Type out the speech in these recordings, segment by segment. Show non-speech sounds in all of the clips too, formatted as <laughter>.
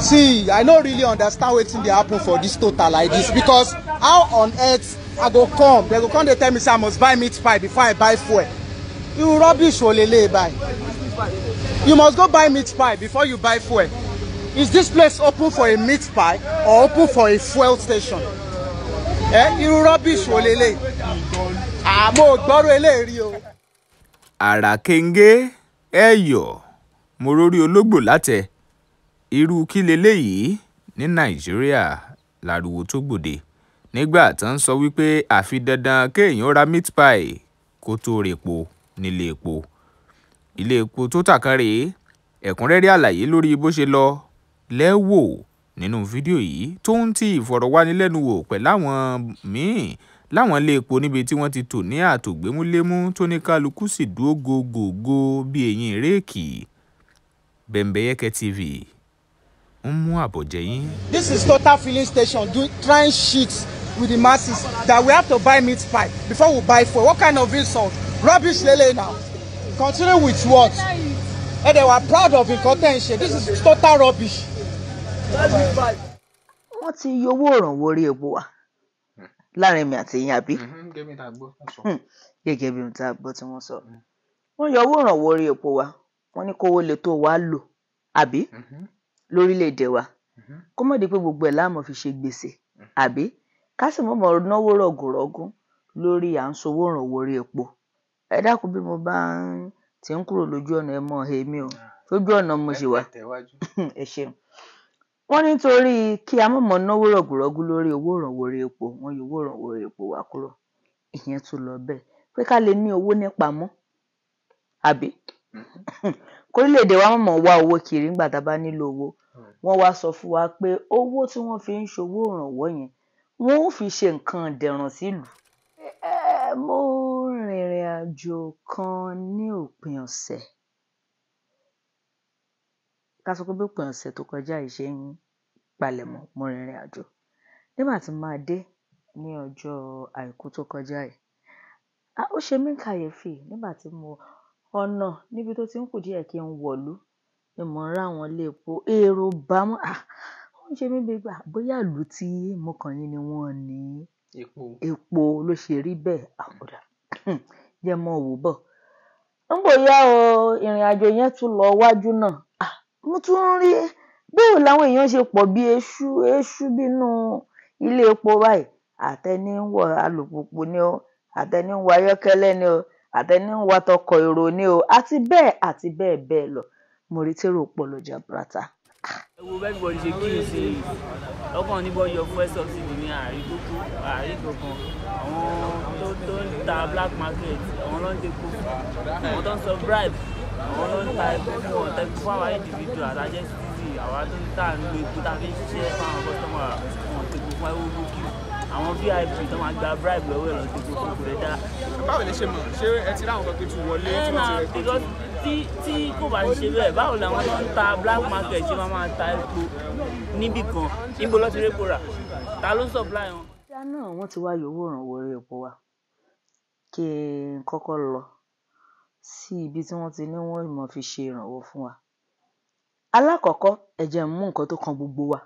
see i no really understand wetin dey happen for dis total like dis because how on earth i go come dem go come dey tell me say i must buy meat pie before i buy fuel you rubbish olele buy you must go buy meat pie before you buy fuel is dis place open for a meat pie or open for a fuel station eh you rubbish olele àmọ́ gbọ́rọ̀ eléyìí o. àràkéńgé ẹ̀yọ̀ mo rórí ológbò látẹ̀ irú kí leléyìí ní nàìjíríà lariwo tó gbòde nígbà tó ń sọ wípé àfi dandan kéèyàn ra meat pie kó tóó repo níléepo iléepo tó tàkàn rèé ẹ̀kúnrẹ́rẹ́ àlàyé lórí bó ṣe lọ lẹ́wò nínú fídíò yìí tó ń ti ìfọ̀rọ̀wánilẹ́nuwò pẹ̀láwọn míì láwọn iléepo níbi tí wọ́n ti tò ní àtògbémúlémú tó ní kálukú sì dúró gògògò bí eyín réèkì Bembeyeke TV ń mú àbọ̀jẹ yín. This is total filling station doing trying shit with the masses that we have to buy meat pie before we buy fuel what kind of insult rubbish lele now continue with what and eh, they were proud of nǹkan tẹ̀ ń ṣe this is total rubbish. wọ́n ti yọ owó òrànwọ́ orí epo wa láàrin mi àti yín àbí mhm, hmm, gẹ́gẹ́ bí ohun tá a gbọ́ tí wọ́n sọ wọ́n yọ owó òrànwọ́ orí epo wa wọ́n ní kówó lè tó wa lò àbí. Mm -hmm lórílẹ̀‐èdè wa mm-hmm. kó mọ̀ di pé gbogbo ẹ̀ láàmú fi ṣe gbèsè mm-hmm. àbí ká sì mọ̀ náwó rọ̀gùnrọ̀gùn lórí à ń sowó ìrànwọ́ orí epo ẹ dákun bí mo bá ti ń kúrò lójú ọ̀nà ẹ mọ̀ èmi o ah, lójú ọ̀nà mo ṣe wà <laughs> ẹ ṣeun wọ́n nítorí kí a mọ̀mọ́ náwó rọ̀gùrọ̀gù lórí owó ìrànwọ́ orí epo wọ́n yọ owó ìrànwọ́ orí epo wá kúrò ìyẹn tún lọ bẹ́ẹ̀ pé ká lè ní owó nípa mọ́ àbí mm-hmm. <laughs> kórílẹ̀ wa mọ̀mọ́ wá owó kiri nígbà tá a bá nílò owó wọ́n wá sọ fún wa pé owó tí wọ́n fi ń ṣòwò ìrànwọ́ yẹn wọ́n ò fi ṣe nǹkan dẹ̀rùn sílùú. mo rìnrìn àjò kan ní òpin ọ̀sẹ̀ ká sọ pé òpin ọ̀sẹ̀ tó kọjá yìí ṣe ń palẹ̀mọ́ mo rìnrìn àjò nígbà tí màá dé ní ọjọ́ àìkú tó kọjá yìí ó ṣe mí kàyéfì nígbà tí mo ọ̀nà níbi tó ti ń kù díẹ̀ kí n wọ̀lú ni ń rà wọ́n léèpo. Èrò bá mọ́, ah, ó ń ṣe mí bíi pé ah, bóyá ìlú tí mo kàn yín ni wọ́n ní epo, ló ṣe rí bẹ́ẹ̀. À ah, ó dà, hmm, jẹ́ bọ̀. Ń bò yá o, ìrìnàjò yẹn tún lọ wájú náà. mo tún rí bóò láwọn èèyàn ṣe pọ̀ bí eṣú, eṣú bínú ilé epo báyìí. Àtẹ́ni alùpùpù ni o, àtẹ́ni ayọ́kẹ́lẹ́ ni o, àtẹ́ni atọkọ̀ èrò ni o, àti bẹ́ẹ̀ àti bẹ́ẹ̀ bẹ́ẹ̀ lọ mo rí tèrò pọ̀ lọ jaburata. ṣe kí n ṣe lọ́kàn ní bọ́ọ̀lù yọ fuel subsidy ní àárí kókó àárí kankan àwọn tó tó ń ta black market àwọn ló ń tepo àwọn tó ń sọ bribe àwọn ló ń ta epo fún ọ̀tá fún àwọn individual àtàjẹ́ citizen àwọn tó ń tà ń lo epo fi ń fún àwọn customer àwọn tepo fún ẹwọ́ gbòógì àwọn vip tó máa gba bribe lọ́wọ́ ẹ̀rọ tó kó kó rẹ̀ dá. báwo lè ṣe mọ̀ ṣé ẹ ti ráwọn kan tó tún wọlé tí wọ́n ti rẹ̀ tó tún. tí tí kò bá ṣe bẹ́ẹ̀ báwo làwọn tó ń ta black market ṣe máa máa ta epo níbì kan níbo lọ́ọ́ ti rí epo rà ta ló supply wọn. ìjà náà wọ́n ti wá yòówó ìrànwọ́ orí epo wa kí n kọ́kọ́ lọ sí ibi tí wọ́n ti ní wọ́n mọ̀ fi ṣe ìrànwọ́ fún wa. alákọ̀ọ́kọ́ ẹ̀jẹ̀ mú nǹkan tó kan gbogbo wa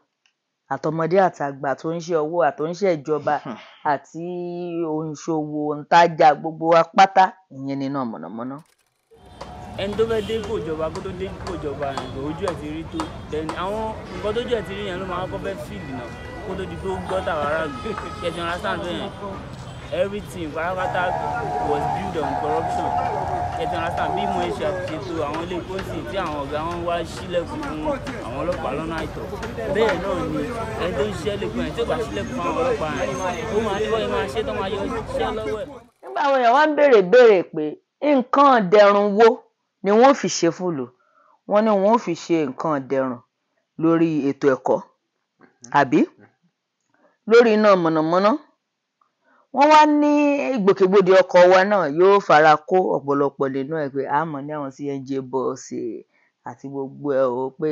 àtọmọdé àtàgbà tó ń ṣe ọwọ́ àtúnṣe ìjọba <laughs> àti oníṣòwò òǹtajà gbogbo apáta ìyẹn níná mọ̀nàmọ́ná. ẹni tó fẹ́ dé kó ìjọba kó tó dé kó ìjọba ìgbà ojú ẹ̀ ti rí tó dẹni àwọn nǹkan tójú ẹ̀ ti rí yẹn ló máa kọ́ fẹ́ fíìlì náà kó tó di pé gbọ́ tàwa aráàlú ẹ̀ ti rán sáà yẹn everything pátápátá was built on corruption ẹtì understand bí mo ṣe ṣètò àwọn ilé ìkóṣì tí àwọn ọ̀gá wọn wá sílẹ̀kùn fún àwọn ọlọ́pàá lọ́nà àìtọ́ bẹ́ẹ̀ náà ni ẹni tó ń ṣiṣẹ́ lẹ́kùn ẹ̀ tí ó bá sílẹ̀kùn fún àwọn ọlọ́pàá rẹ̀ ó máa ní bọ́ọ̀lù máa ṣe tó máa yọ iṣẹ́ lọ́wọ́ ẹ̀. nígbà àwọn èèyàn wá ń béèrè béèrè pé nǹkan dẹrùn wo ni wọ́n fi ṣe fúlù wọ́n ní wọ́n fi ṣe nǹkan dẹrùn lórí ètò ẹ̀kọ́ àbí lórí iná mọ̀nàmọ́ná wọn wàá ní ìgbòkègbodò ọkọ wa náà yóò fara kó ọpọlọpọ nínú ẹ pé a mọ ní àwọn cng bọọsì àti gbogbo ẹ o pé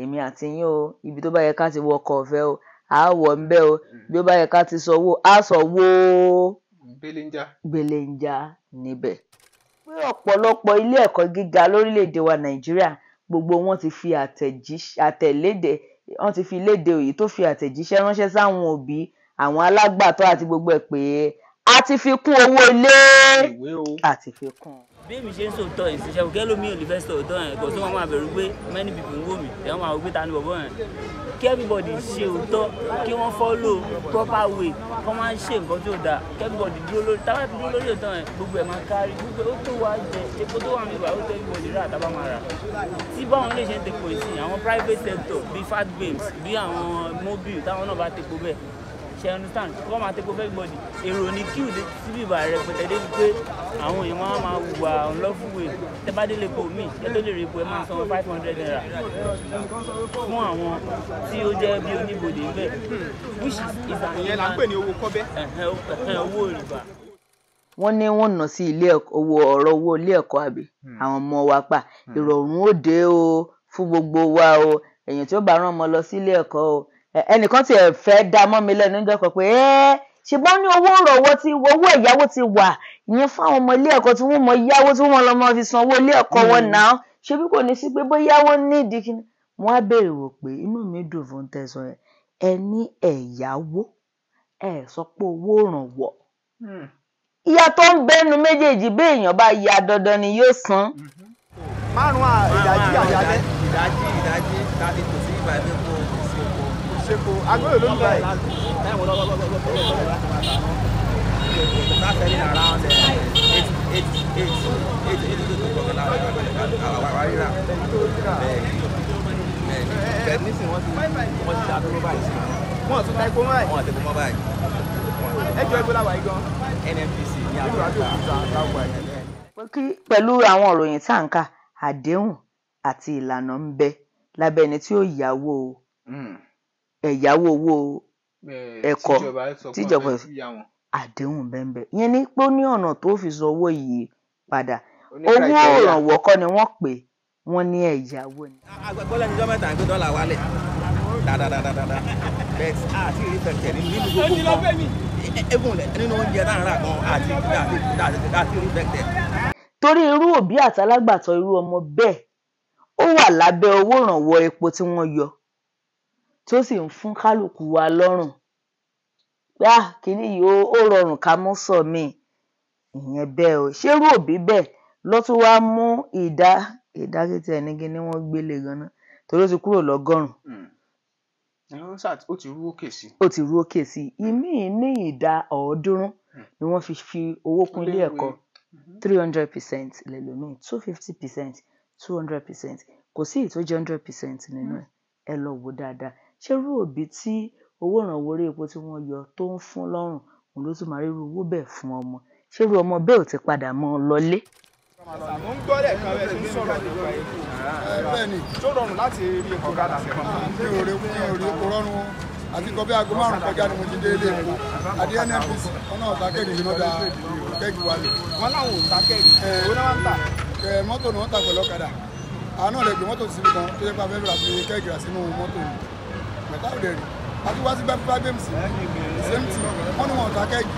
èmi àti yín o ibi tó bá yẹ ká ti wọ ọkọ ọfẹ o a wọ ńbẹ o mm. bí ó bá yẹ ká ti sanwó a sanwó belenja belenja níbẹ̀. pé ọ̀pọ̀lọpọ̀ ilé ẹ̀kọ́ gíga lórílẹ̀‐èdè wa nàìjíríà gbogbo wọn ti fi àtẹ̀léde wọn ti fi léde òyì tó fi àtẹ̀jíṣẹ́ ránṣẹ́ sáwọn òbí àwọn alágbàtọ́ àti gbogbo ẹ̀ pé a ti fi kún owó ilé a ti fi kún. bí èmi ṣe ń sòótọ́ ìṣiṣẹ́ òkè lómi ò ní fẹ́ sòótọ́ yẹn kò sí máa bẹ̀rù pé many people ń wò mí ẹ̀ wọ́n máa wò pé ta ni bọ̀bọ̀ yẹn kí everybody ṣe òótọ́ kí wọ́n follow proper way kí wọ́n máa ṣe nǹkan tí ó dáa kí everybody dúró lórí tábà dúró lórí òótọ́ yẹn gbogbo ẹ̀ máa kárí gbogbo ó tó wá jẹ epo tó wà nígbà ó tó everybody rà tábà máa rà tí báwọn lè ṣe ń tepo ìsìn àwọn private sector bíi fat games bíi àwọn mobile táwọn náà bá tepo bẹ́ẹ̀ ṣe understand come and take over everybody èrò ní queue dé síbí ìbà rẹpẹtẹ débi pé àwọn èèyàn wọn máa wùwà ọlọ́fùwé tẹ bá délé epo míì lè rí epo ẹ máa san five hundred naira fún àwọn tí ó jẹ́ bí oníbodè bẹ́ẹ̀ which is an ìyẹn là ń pè ní owó kọ́bẹ́ owó rìbá. wọ́n ní wọ́n nà sí ilé owó ọ̀rọ̀ owó ilé ẹ̀kọ́ àbí hmm. àwọn ọmọ wa pa hmm. ìrọ̀rùn òde o fún gbogbo wa o èèyàn tí ó bá rán ọmọ lọ sí ilé o ẹnìkan tiẹ̀ fẹ́ dá mọ́ mi lẹ́nu níjọ́ kan pé ẹ́ ṣùgbọ́n ní owó ìrànwọ́ ti owó ẹ̀yáwó ti wà ìyẹn fáwọn ọmọ ilé ẹ̀kọ́ tí wọ́n mọ yáwó tí wọ́n lọ mọ fi san owó ilé ẹ̀kọ́ wọn náà ṣé bí kò ní sí pé bóyá wọ́n ní ìdí kíni wọ́n á béèrè wò pé inú mi dùn fún tẹ̀sán ẹ̀ ẹ ní ẹ̀yáwó ẹ sọ pé owó ìrànwọ́ ìyàtọ̀ ń bẹnu méjèèjì bí èèyàn bá ya dandan ni yóò san. márùn-ún ìdájí àyálẹ́. ìdájí ìdájí kò sí ìgbà ṣepo agbóyè ló ń bá yìí. wọ́n tún ta epo pẹ̀lú àwọn òròyìn tá àdéhùn àti ìlànà ń bẹ lábẹ́ ẹni tí ó yáwó o. Hmm ẹ̀yáwó owó ẹ̀kọ́ tíjọba àdéhùn bẹ́ẹ̀ yẹn ni pé ó ní ọ̀nà tó fi san owó yìí padà owó ìrànwọ́ kọ́ ni wọ́n pè wọ́n ní ẹ̀yáwó ni. agbẹ́gbọ́lẹ̀ níjọ́ mẹ́ta ń gbé dọ́là wálẹ̀ dáadáa bẹ́ẹ̀ àti ìrìfẹ̀kẹ̀ nínú gbogbo kan egun nínú oúnjẹ náà rà kan àti àti ìrìfẹ̀kẹ̀. torí irú òbí àtàlágbàtọ́ irú ọmọ bẹ́ẹ̀ ó wà lábẹ́ owó ìrànwọ́ epo tí wọ́n yọ tó sì ń fún kálukú wa lọ́rùn pé ah kínní yìí ó rọrùn ká mú sọ mi ìyẹn bẹ́ẹ̀ o ṣerú òbí bẹ́ẹ̀ lọ́tún wá mú ìdá ìdá kété ẹnigi ni wọ́n gbélé ganan torí ó ti kúrò lọ́gọ́rùn hmm. ó ti rú òkè sí. ó ní ìdá ọ̀ọ́dúnrún hmm. ni wọ́n fi fi owó kún ilé ẹ̀kọ́ hmm. three hundred percent lẹ́lòmíì two fifty percent two hundred percent kò sí ìtójú hundred percent nínú ẹ̀ ẹ lọ wò dáadáa ṣerú òbí tí owó ìrànwọ́ orí epo tí wọ́n yọ tó ń fún lọ́rùn òun ló tún máa rírú owó bẹ́ẹ̀ fún ọmọ ṣerú ọmọ bẹ́ẹ̀ ò ti padà mọ́ ọ lọlé. mo ń gbọ́ lẹ́ẹ̀kan rẹ̀ ń sọ̀rọ̀ nípa epo tó rọrùn láti rí epo rárá sí ọmọ. mi ò rí epo rọrùn àti nǹkan bí aago márùn kọjá ni mo ti dé ilé epo àti nnpc ọ̀nà ọ̀tàkẹ́rì eh, ni wọ́n da kẹ́gì wálé. wọn láwọn ọ̀tàkẹ́rì owó náà ń tà. Eh, mọ́tò ni wọ́n tà pẹ̀lú ọ̀kadà àwọn náà lè gbé mọ́tò kan tó yẹ pé a fẹ́ rà rà sínú mọ́tò yìí pẹ̀tà òde rí adúgbò sí bẹ́ẹ̀ fúlágbé mi sí same thing wọ́n ní wọn ọ̀tá kẹ́ẹ̀gì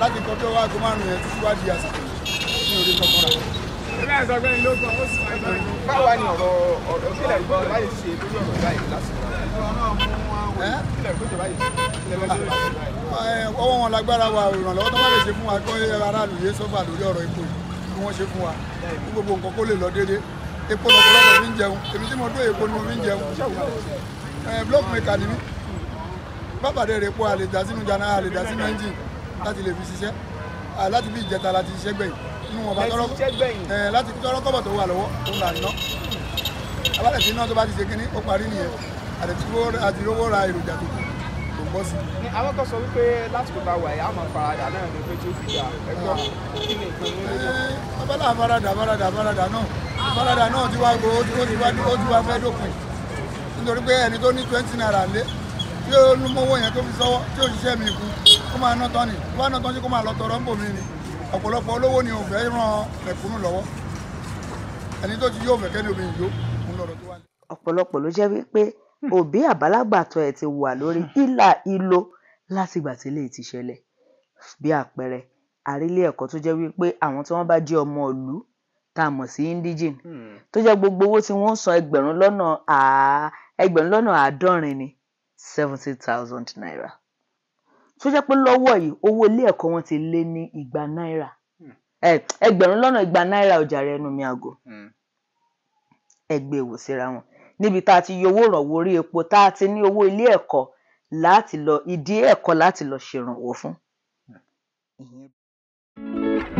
láti kọ́ tó wáago márùn yẹn títí wá àsìkò ní orí kankan rà. ilé ẹ̀sọ́ gbẹ́ni ló gbọ́ ó sì máa ń bá yín. báwa ọ̀rọ̀ ọ̀rọ̀ sílẹ̀ gbọ́ báyìí ṣe lórí ọ̀rọ̀ báyìí lásìkò ọwọ́ wọn lágbára wa ìrànlọ́wọ́ tó bá lè ṣe fún wa kó aráàlú yé sọ́fà lórí ọ̀rọ̀ epo yìí kí wọ́n ṣe fún wa gbogbo nǹkan kó lè lọ déédéé epo lọ́pọ̀lọpọ̀ Eh, block maker ni mí bàbàdé rẹ̀ pọ̀ àlè dà sínú jana àlè da sínú engine láti lè fi ṣiṣẹ́ láti bí ìjẹta láti ṣiṣẹ́ gbẹ̀yìn inú wọn bá tọrọ eh, láti tọrọ kọ́bọ̀ tó wà lọ́wọ́ tó ń là ń ná abálẹ̀ tí iná tó bá ti ṣe kínní ó parí nìyẹn àti rówó ra èròjà tó kù tó ń bọ̀ sí. ní àwọn kan sọ wípé lásìkò tá a wà yìí a máa faradà náà ní pé tí ó fi gbà ẹgbẹ́ kí ni nǹkan ní ìlú náà. abala faradà faradà faradà náà faradà náà ti wá gbó ó ti wá fẹ́ dópin nítorí pé ẹni tó ní twenty naira lé tí ó ń mówó yẹn tó fi sọ́wọ́ tí ó ṣiṣẹ́ mi kú kó máa ná tán ni tó bá ná tán sí kó máa lọ tọrọ ń bò mí ni ọ̀pọ̀lọpọ̀ olówó ni òun ràn ẹ̀kúnnù lọ́wọ́ ẹni tó ti yóò fẹ́ kẹ́ni omi ìjó òun lọ̀rọ̀ tó wà. ọ̀pọ̀lọpọ̀ ló jẹ́ wípé òbí àbálàgbàtọ́ ẹ̀ ti wà lórí ìlà ìlò látìgbà tí eléyìí ti ṣẹlẹ̀ bí àpẹẹrẹ àrílé ẹ̀kọ́ tó jẹ́ wípé àwọn tí wọ́n bá jẹ́ ọmọ ìlú tá a mọ̀ sí indigene hmm. tó jẹ́ gbogbo owó tí wọ́n ń san ẹgbẹ̀rún lọ́nà àá ẹgbẹ̀rún lọ́nà àádọ́rin ni seventy thousand naira tó jẹ́ pé lọ́wọ́ yìí owó ilé ẹ̀kọ́ wọn ti lé ní igba náírà hmm. ẹgbẹ̀rún lọ́nà igba náírà ọjà rẹ ẹnu mi àgọ́ hmm. ẹgbẹ́ èwò síra wọn níbi tá a ti yọ owó ìrànwọ́ orí epo tá a ti ní owó ilé ẹ̀kọ́ láti lọ ìdí ẹ̀kọ́ láti lọ ṣèrànwọ́ fún. Thank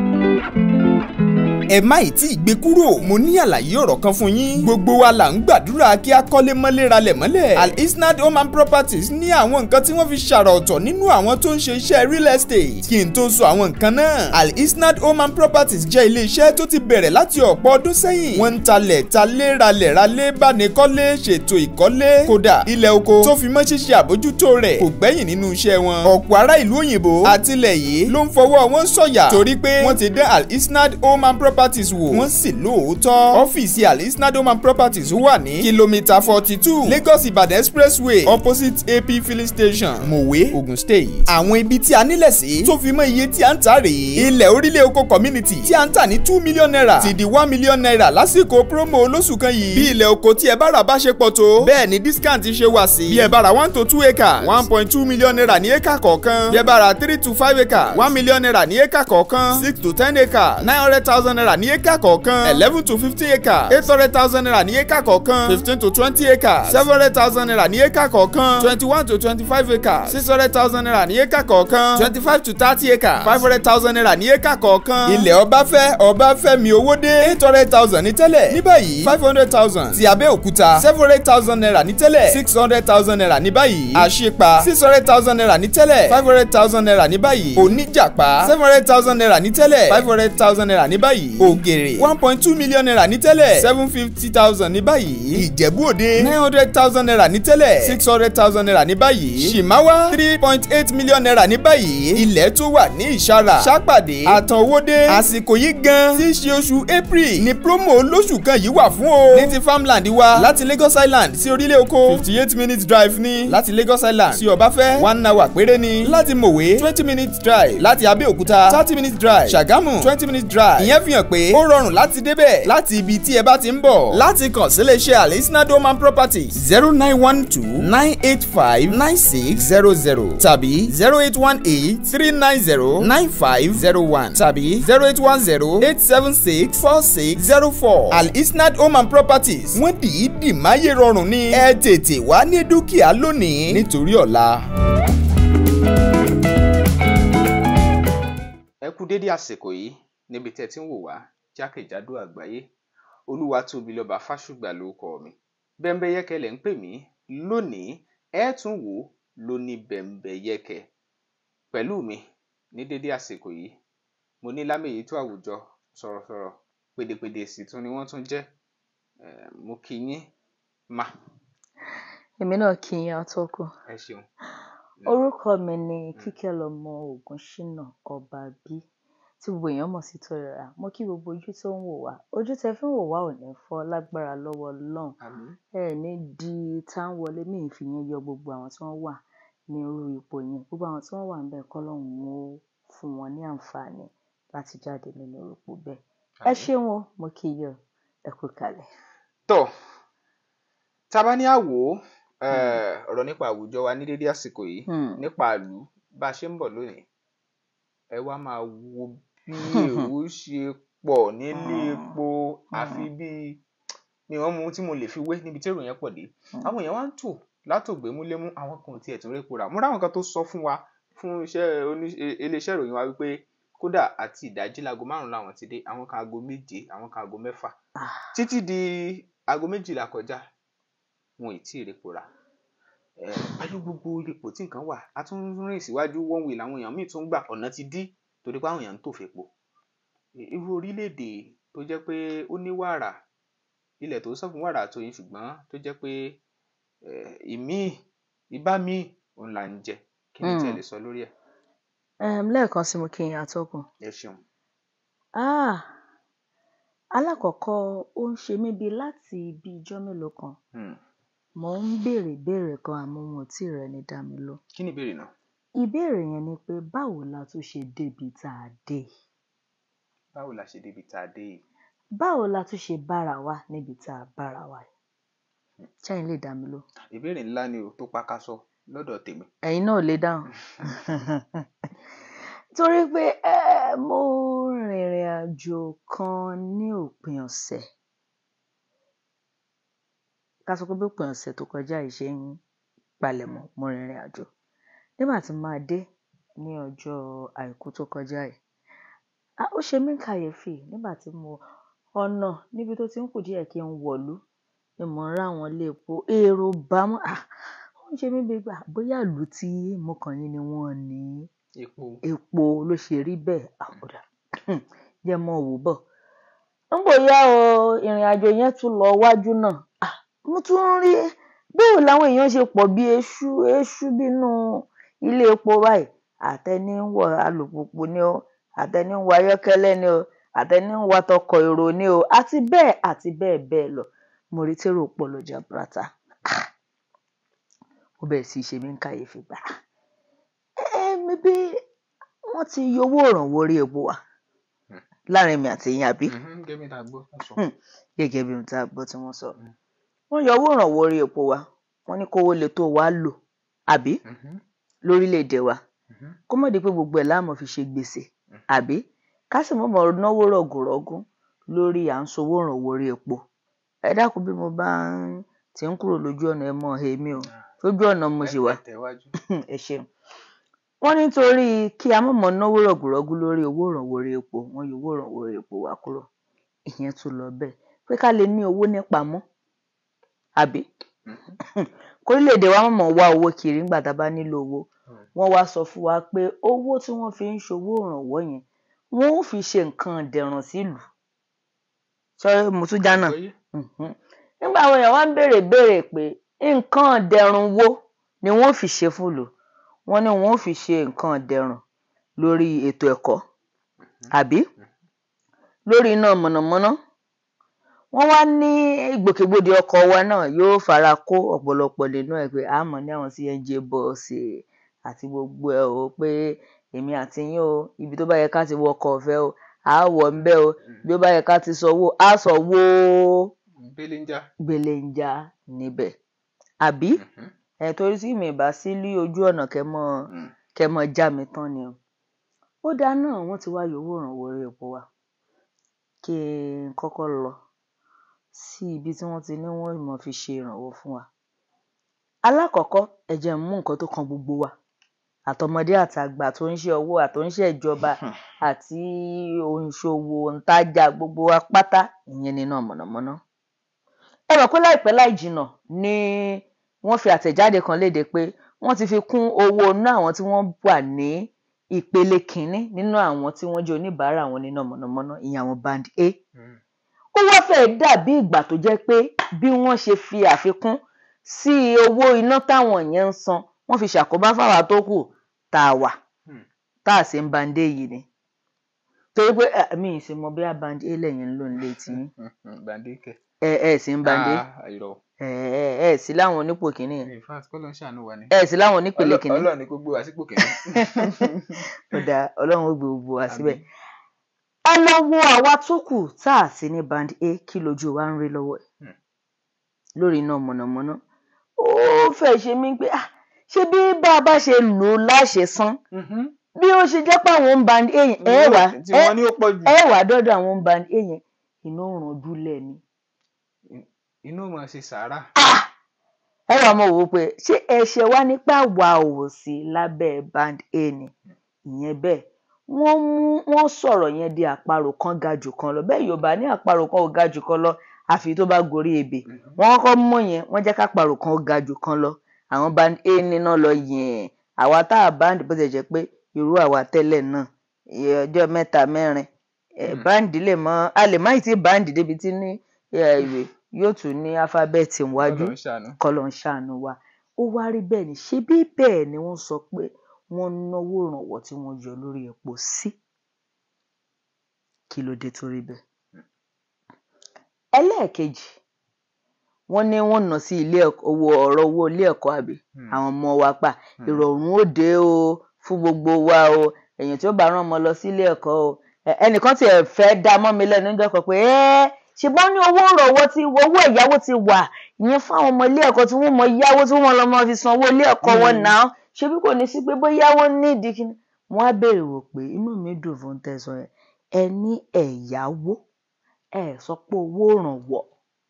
hmm. you ẹ má ì tí ì gbé kúrò mo ní àlàyé ọ̀rọ̀ kan fún yín gbogbo wa là ń gbàdúrà kí a kọ́lé mọ́lé ralẹ̀ mọ́lẹ̀ Al Isnad Oman Properties ní àwọn nǹkan tí wọ́n fi ṣàrà ọ̀tọ̀ nínú àwọn tó ń ṣe iṣẹ́ real estate kí n tó sọ àwọn nǹkan náà Al Isnad Oman Properties jẹ́ ilé iṣẹ́ tó ti bẹ̀rẹ̀ láti ọ̀pọ̀ ọdún sẹ́yìn wọ́n ń talẹ̀ talé ralẹ̀ ralé bánikọ́lé ṣètò ìkọ́lé kódà ilẹ̀ oko tó fi mọ́ ṣíṣe àbójútó rẹ̀ kò gbẹ́yìn nínú iṣẹ́ wọn ọ̀pọ̀ ará ìlú òyìnbó àtilẹ̀ yìí ló ń fọwọ́ wọn sọ̀yà torí pé wọ́n ti dán Al Isnad Oman Properties properties wò wọ́n sì lóòótọ́. ọ́fíìsì alice nadoman properties wà ní kìlómítà forty two lagos ibadan expressway opposite ap filling station mòwe ogun state. àwọn ibi tí a nílẹ̀ sí tó fi mọ́ iye tí a ń tà rèé ilẹ̀ orílẹ̀ oko community tí a ń tà ní two million naira ti di one million naira lásìkò promo olóṣù kan yìí bí ilẹ̀ oko tí ẹ bá rà bá ṣe pọ̀ tó bẹ́ẹ̀ ni discount ṣe wà sí bí ẹ bá ra one to two acres one point two million naira ní éka kọ̀ọ̀kan bí ẹ bá ra three to five acres one million naira ní éka kọ̀ọ̀kan six to ten acres nine hundred thousand naira naira ní éka kọ̀ọ̀kan eleven to fifteen acre eight hundred thousand naira ní éka kọ̀ọ̀kan fifteen to twenty acres seven hundred thousand naira ní éka kọ̀ọ̀kan twenty one to twenty five acres six hundred thousand naira ní éka kọ̀ọ̀kan twenty five to thirty acres five hundred thousand naira ní éka kọ̀ọ̀kan ilẹ̀ ọbáfẹ́ ọbáfẹ́mi owódé eight hundred thousand ní tẹ́lẹ̀ ní báyìí five hundred thousand ti abẹ́òkúta seven hundred thousand naira ní tẹ́lẹ̀ six hundred thousand naira ní báyìí àṣepa six hundred thousand naira ní tẹ́lẹ̀ five hundred thousand naira ní báyìí oníjàpá seven hundred thousand naira ní tẹ́lẹ̀ five hundred thousand naira ní báyìí ògèrè one point two million naira ní tẹ́lẹ̀ seven fifty thousand ní báyìí ìjẹ̀bú òde nine hundred thousand naira ní tẹ́lẹ̀ six hundred thousand naira ní báyìí ṣìmáwá three point eight million naira ní báyìí ilẹ̀ tó wà ní ìṣara ṣàpàdé àtànwódé àsìkò yìí gan tí í ṣe oṣù april ni promo olóṣù kan yìí wà fún o ní ti farmland wa láti Lagos Island sí orílẹ̀ oko fifty eight minutes drive ní láti Lagos Island sí ọbáfẹ́ one hour péré ni láti mòwe twenty minutes drive láti abẹ́òkúta thirty minutes drive ṣàgámù twenty minutes drive ìyẹn fi hàn pé ó rọrùn láti débẹ̀ láti ibi tí ẹ bá ti ń bọ̀ láti kàn sí iléeṣẹ́ alisina doman properties zero nine one two nine eight five nine six zero zero tàbí zero eight one eight three nine zero nine five zero one tàbí zero eight one zero eight seven six four six zero four alisnad home and properties wọ́n dìídì máyé rọrùn ní ẹ tètè wá ní dúkìá lónìí nítorí ọ̀la. ẹ kú dédé àsìkò yìí níbi tẹ́ ti ń wò wá jákèjádò àgbáyé olúwatóbi lọ́ba fáṣùgbà ló kọ mi bẹ́ńbẹ́yẹ́kẹ́ lẹ̀ ń pè mí lónìí ẹ tún wò ó lóní bẹ́ńbẹ́yẹ́kẹ́ pẹ̀lú mi ní dédé àsìkò yìí mo ní lámèyí tó àwùjọ sọ̀rọ̀sọ̀rọ̀ pèdèpèdè sì tún ni wọ́n tún jẹ́ mo kí yín má. èmi náà kí yín atọ́kù. ẹ ṣeun. orúkọ mi ni kíkẹ́ lọ́mọ ògúnṣínà ọba bíi tí gbogbo èèyàn mọ̀ sí Tolera. Mo kí gbogbo ojú tó ń wò wá. Ojú tẹ fi wò wá ò ní fọ́ lágbára lọ́wọ́ Ọlọ́run. Ẹ ní di tá ń wọlé mí fi yẹn yọ gbogbo àwọn tí wọ́n wà ní irú ipò yẹn. Gbogbo àwọn tí wọ́n wà níbẹ̀ kọ́ lọ́hùn ó fún wọn ní àǹfààní láti jáde nínú ipò bẹ́ẹ̀. Ẹ ṣeun o, mo kí yọ, ẹ kú kalẹ̀. Tọ́ tá a bá ní àwò hmm. ọ̀rọ̀ nípa àwùjọ wa ní dédé àsìkò yìí hmm. nípa ìlú bá a ṣe ń bọ̀ lónìí ẹ wá máa wo bí èrò <laughs> ṣe pọ̀ nílé ah. epo àfi bíi ni wọ́n mú tí mo lè fi wé níbi tí èrò yẹn pọ̀ dé hmm. àwọn èèyàn wá ń tò látògbémúlémú àwọn kan tiẹ̀ tún répo rà mo ráwọn kan tó sọ fún wa fún iṣẹ́ e, iléeṣẹ́ ìròyìn wa wípé kódà àti ìdájí láago márùn làwọn ti dé àwọn kan aago méje àwọn kan aago mẹ́fà ah. títí di aago méjìlá kọjá wọn ì tí ì répo rà pẹ̀lú eh, gbogbo ipò tí nǹkan wà a tún rìn síwájú one way làwọn èèyàn míì tún gbà ọ̀nà ti dí torí pé àwọn èèyàn ń tò fèpo irú orílẹ̀-èdè tó jẹ́ pé ó ní wàrà ilẹ̀ tó sàn fún wàrà àtòyìn ṣùgbọ́n tó jẹ́ pé eh, ìmí ìbá mi òun là ń jẹ kí ni tí ẹ hmm. lè sọ lórí ẹ. lẹ́ẹ̀kan sí mo kí àtọkùn. Ah, alákọ̀ọ́kọ́ ó ń ṣe mí bíi láti bíi ijọ́ mélòó kan. Hmm Mò ń bèèrè ìbéèrè kan àmọ́ wọn ò tí ì rẹ́ni dá mi lóhùn. Kí ni ìbéèrè náà? Ìbéèrè yẹn ni pé báwo la tún ṣe dé ibi tá a dé? Báwo la ṣe dé ibi tá a dé? Báwo la tún ṣe bára wa níbi tá a bára wa? Ṣé ẹ̀yin lè dá mi lóhùn? Ìbéèrè ńlá ni o tó pakasọ lọ́dọ̀ tèmi. Ẹ̀yin náà lè dáhùn. <laughs> Torí pé, ẹ́, mo rìnrìn àjò kan ní òpin ọ̀sẹ̀ ká sọ pé bópin ọ̀sẹ̀ tó kọjá yìí ṣe ń palẹ̀mọ́ mo rìnrìn àjò nígbà tí màá dé ní ọjọ́ àìkú tó kọjá yìí ó ṣe mí kàyéfì nígbà tí mo ọ̀nà níbi tó ti ń kù díẹ̀ kí n wọ̀lú ni mò ń ráwọn iléepo èrò bámú à ó ń ṣe mí bíi gbà bóyá ìlú tí mo kàn yín ni wọ́n ní epo ló ṣe rí bẹ́ẹ̀ àkùdà jẹ́ mọ́ wò bọ̀ ń bóyá o ìrìn àjò yẹn tún lọ wájú náà mo tún ń rí bẹ́ẹ̀ làwọn èèyàn ṣe pọ̀ bíi eṣú eṣú bínú ilé epo báyìí àtẹni ń wọ alùpùpù ni o àtẹni ń wọ ayọ́kẹ́lẹ́ ni o àtẹni ń wa tọkọ̀ èrò ni o àti bẹ́ẹ̀ àti bẹ́ẹ̀ bẹ́ẹ̀ lọ mo rí tèrò pọ̀ lọ jaburata ah! ó bẹ̀rẹ̀ sí í ṣe mí ń kàyéfì gbà ẹ̀ẹ́mi bí wọ́n ti yọ owó òrànwọ́ orí epo wa hmm. láàrin mi àti yín àbí mhm, gẹ́gẹ́ bí mo ta hmm, gbọ́ tí wọ́n sọ. Hmm wọ́n yọ owó ìrànwọ́ orí epo wa wọ́n ní kówó lè tó wa lò àbí mm-hmm. lórílẹ̀‐èdè wa mm-hmm. kó mọ̀ di pé gbogbo ẹ̀ láàmú fi ṣe gbèsè mm-hmm. àbí ká sì mọ̀ mọ̀ náwó rọ̀gùrọ̀gùn lórí à ń sowó ìrànwọ́ orí epo ẹ dákun bí mo bá ti ń kúrò lójú ọ̀nà ẹ mọ̀ èmi o ah. lójú ọ̀nà mo ṣe wà <laughs> ẹ ṣeun wọ́n nítorí kí a mọ̀ mọ̀ náwó rọ̀gùrọ̀gù lórí owó ìrànwọ́ orí epo wọ́n yọ owó ìrànwọ́ orí epo wa kúrò ìyẹn tún lọ bẹ́ẹ̀ pé ká lè ní owó nípamọ́ àbí mm-hmm. kórílẹ̀-èdè wa mọ̀mọ́ wá owó kiri nígbà tá a bá nílò owó mm. wọ́n wá sọ fún wa pé owó tí wọ́n fi ń ṣòwò ìrànwọ́ yẹn wọ́n ó fi ṣe nǹkan dẹ̀rùn sílùú sọ́rọ́ mùtújà náà mm-hmm. nígbà àwọn èèyàn wá ń béèrè béèrè pé nǹkan dẹ̀rùn wo ni wọ́n fi ṣe fún lò wọ́n ní wọ́n fi ṣe nǹkan dẹ̀rùn lórí ètò ẹ̀kọ́ mm-hmm. àbí lórí iná mọ̀nàmọ́ná wọn wàá ní ìgbòkègbodò ọkọ wa náà yóò fara kó ọpọlọpọ nínú ẹ pé a mọ ní àwọn cng bọọsì àti gbogbo ẹ o pé èmi àti yín o ibi tó bá yẹ ká ti wọ ọkọ ọ̀fẹ́ o a wọ ńbẹ o bí ó bá yẹ ká ti sanwó a sanwó belenja belenja níbẹ̀ àbí mm-hmm. ẹ torí tí mi bá sí lí ojú ọ̀nà kẹmọ mm. kẹmọ já mi tán ni o ó dáa náà wọn ti wá yòówó ìrànwọ́ orí epo wa kí n kọ́kọ́ lọ sí ibi tí wọ́n ti ní wọ́n ó máa fi ṣe ìrànwọ́ fún wa. Alákọ̀ọ́kọ́ ẹ jẹ́ n mú nǹkan tó kan gbogbo wa àtọmọdé àtàgbà àtoníṣẹ́ ọwọ́ àtoníṣẹ́ ìjọba <laughs> àti oníṣòwò òǹtajà gbogbo wa pátá ìyẹn ni iná mọ̀nàmọ́ná. Ẹ mọ̀ pé láìpẹ́ láì jìnà ni wọ́n fi àtẹ̀jáde kan léde pé wọ́n ti fi kún owó iná àwọn tí wọ́n wà ní ìpele kìíní nínú àwọn tí wọ́n jẹ́ oníbàárà wọn níná mọ̀nàmọ́ná ìyẹn àwọn band A. Mm ó wá fẹ́ẹ̀ dàbí ìgbà tó jẹ́ pé bí wọ́n ṣe fi àfikún sí owó iná táwọn yẹn ń san wọ́n fi ṣàkóbá fáwa tó kù tá a wà hmm. tá a sì ń bandé yìí ni torí pé mi ì sì mọ bí abandé lẹ́yìn ń lò nílé tí <laughs> ẹ ẹ sì ń bandé ah, ẹ ẹ ẹ sì láwọn onípò kìíní ẹ sì láwọn onípele kìíní Ọlọ́run ni kò gbé wa sípò kìíní. ọ̀dà <laughs> Ọlọ́run ó gbé gbogbo wa síbẹ̀ ẹ lọ wo àwa tó kù tá a sì ní band a kí lójú wa ń rí lọ́wọ́ ẹ̀ hmm. lórí iná mọ̀nàmọ́ná ó fẹ́ ṣe mí pé ah, ṣé bí bá a bá ṣe lò láṣẹ san mm-hmm. bí ó ṣe jẹ́ pé àwọn ń band a yẹn ẹ mm-hmm. wà ẹ dọ́dọ̀ àwọn ń band a yẹn iná ràn dúlẹ̀ ni. inú mọ̀ ṣe sàárà. Ah! ẹ wà mọ̀ wò pé ṣé ẹ̀ṣẹ̀ wa nípa wà òsì lábẹ́ band a ni hmm. ìyẹn bẹ́ẹ̀ wọ́n mú wọ́n sọ̀rọ̀ yẹn di àparò kan ga jù kan lọ bẹ́ẹ̀ yorùbá ní àparò kan ò ga jù kan lọ àfi tó bá gorí ebè mm-hmm. wọ́n kọ́kọ́ mọ̀ yẹn wọ́n jẹ́ káparò kan ó ga jù kan lọ àwọn bá é níná lọ yẹn àwa tá a bá ń bó ṣe jẹ́ pé irú àwa tẹ́lẹ̀ náà ọjọ́ mẹ́ta mẹ́rin mm-hmm. báńdì lè mọ a má ti báńdì débi tí ní ìwé yóò tún ní alifábẹ́ẹ̀tì wájú kọlọ̀ ń ṣàánú wa ó wá rí bẹ́ẹ̀ ni ṣebí bẹ́ẹ̀ ni wọ́n sọ pé wọ́n náwó ìrànwọ́ tí wọ́n yọ lórí epo sí kí ló dé tó rí bẹ́ẹ̀. ẹlẹ́ẹ̀kejì wọ́n ní wọ́n nà sí ilé owó ọ̀rọ̀ owó ilé ẹ̀kọ́ àbí hmm. àwọn ọmọ wa pa hmm. ìrọ̀rùn ó dé o fún gbogbo wa o èèyàn tí ó bá rán ọmọ lọ sí ilé ẹ̀kọ́ o ẹnìkan tiẹ̀ fẹ́ dá mọ́ mi lẹ́nu níjọ́ kan pé ẹ́ẹ́ ṣùgbọ́n ní owó ìrànwọ́ ti owó ẹ̀yáwó ti wà ìyẹn fáwọn ọmọ ilé ẹ̀kọ́ tí wọ́n mọ yáwó tí wọ́n lọ fi san owó ilé ẹ̀kọ́ wọn hmm. náà ṣebí kò ní sí pé bóyá wọ́n nídìí kí ni mo á béèrè wò pé inú mi dùn fún tẹ̀sán yẹn ẹ ní ẹ̀yáwó ẹ sọ pé owó ìrànwọ́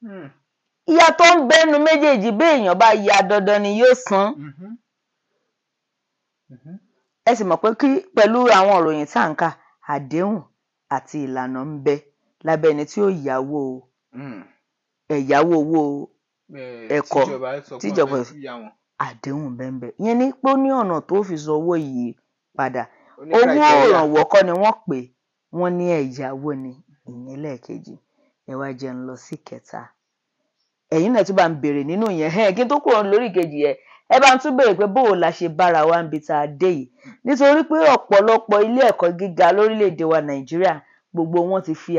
hmm. ìyàtọ̀ ń bẹnu méjèèjì bí èèyàn bá ya dandan ni yóò san mm-hmm. Mm-hmm. ẹ sì mọ̀ pé kí pẹ̀lú àwọn òròyìn tá à ń kà àdéhùn àti ìlànà ń bẹ lábẹ́ ẹni tí ó yáwó hmm. ẹ̀yáwó owó eh, ẹ̀kọ́ tíjọba àdéhùn bẹ́ẹ̀ bẹ́ẹ̀ ìyẹn ni pé ó ní ọ̀nà tó fi san owó yìí padà owó òrànwọ́ kọ́ ni wọ́n pè wọ́n ní ẹ̀yáwó ni ìyẹn lẹ́ẹ̀kejì ẹ wá jẹ́ ń lọ sí kẹta ẹ̀yin náà tún bá ń béèrè nínú yẹn ẹ̀ kí n tó kúrò lórí ìkejì yẹn ẹ bá ń tún béèrè pé bóò la ṣe bára wa ń bi tá a dé yìí nítorí pé ọ̀pọ̀lọpọ̀ ilé ẹ̀kọ́ gíga lórílẹ̀‐èdè wa Nàìjíríà gbogbo wọn ti fi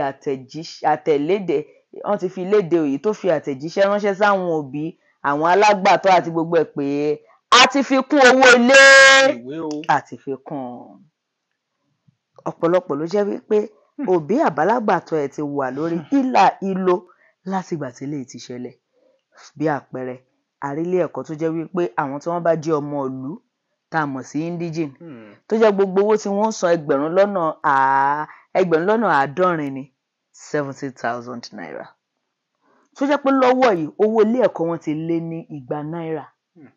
àtẹ̀léde wọn ti fi léde òyì tó fi àtẹ̀jíṣẹ́ ránṣẹ́ sáwọn òbí àwọn alágbàtọ́ àti gbogbo ẹ̀ pé a ti fi kún owó ilé a ti fi kún un ọ̀pọ̀lọpọ̀ ló jẹ́ wípé hmm. òbí àbálágbàtọ́ ẹ̀ ti wà lórí ìlà hmm. ìlò látìgbà tí eléyìí ti ṣẹlẹ̀ bí àpẹẹrẹ àrílé ẹ̀kọ́ tó jẹ́ wípé àwọn tí wọ́n bá jẹ́ ọmọ ìlú tá a mọ̀ sí indigen hmm. tó jẹ́ gbogbo owó tí wọ́n san ẹgbẹ̀rún lọ́nà ẹgbẹ̀rún ni seventy thousand naira tó jẹ́ pé lọ́wọ́ yìí owó ilé ẹ̀kọ́ wọn ti lé ní igba náírà hmm.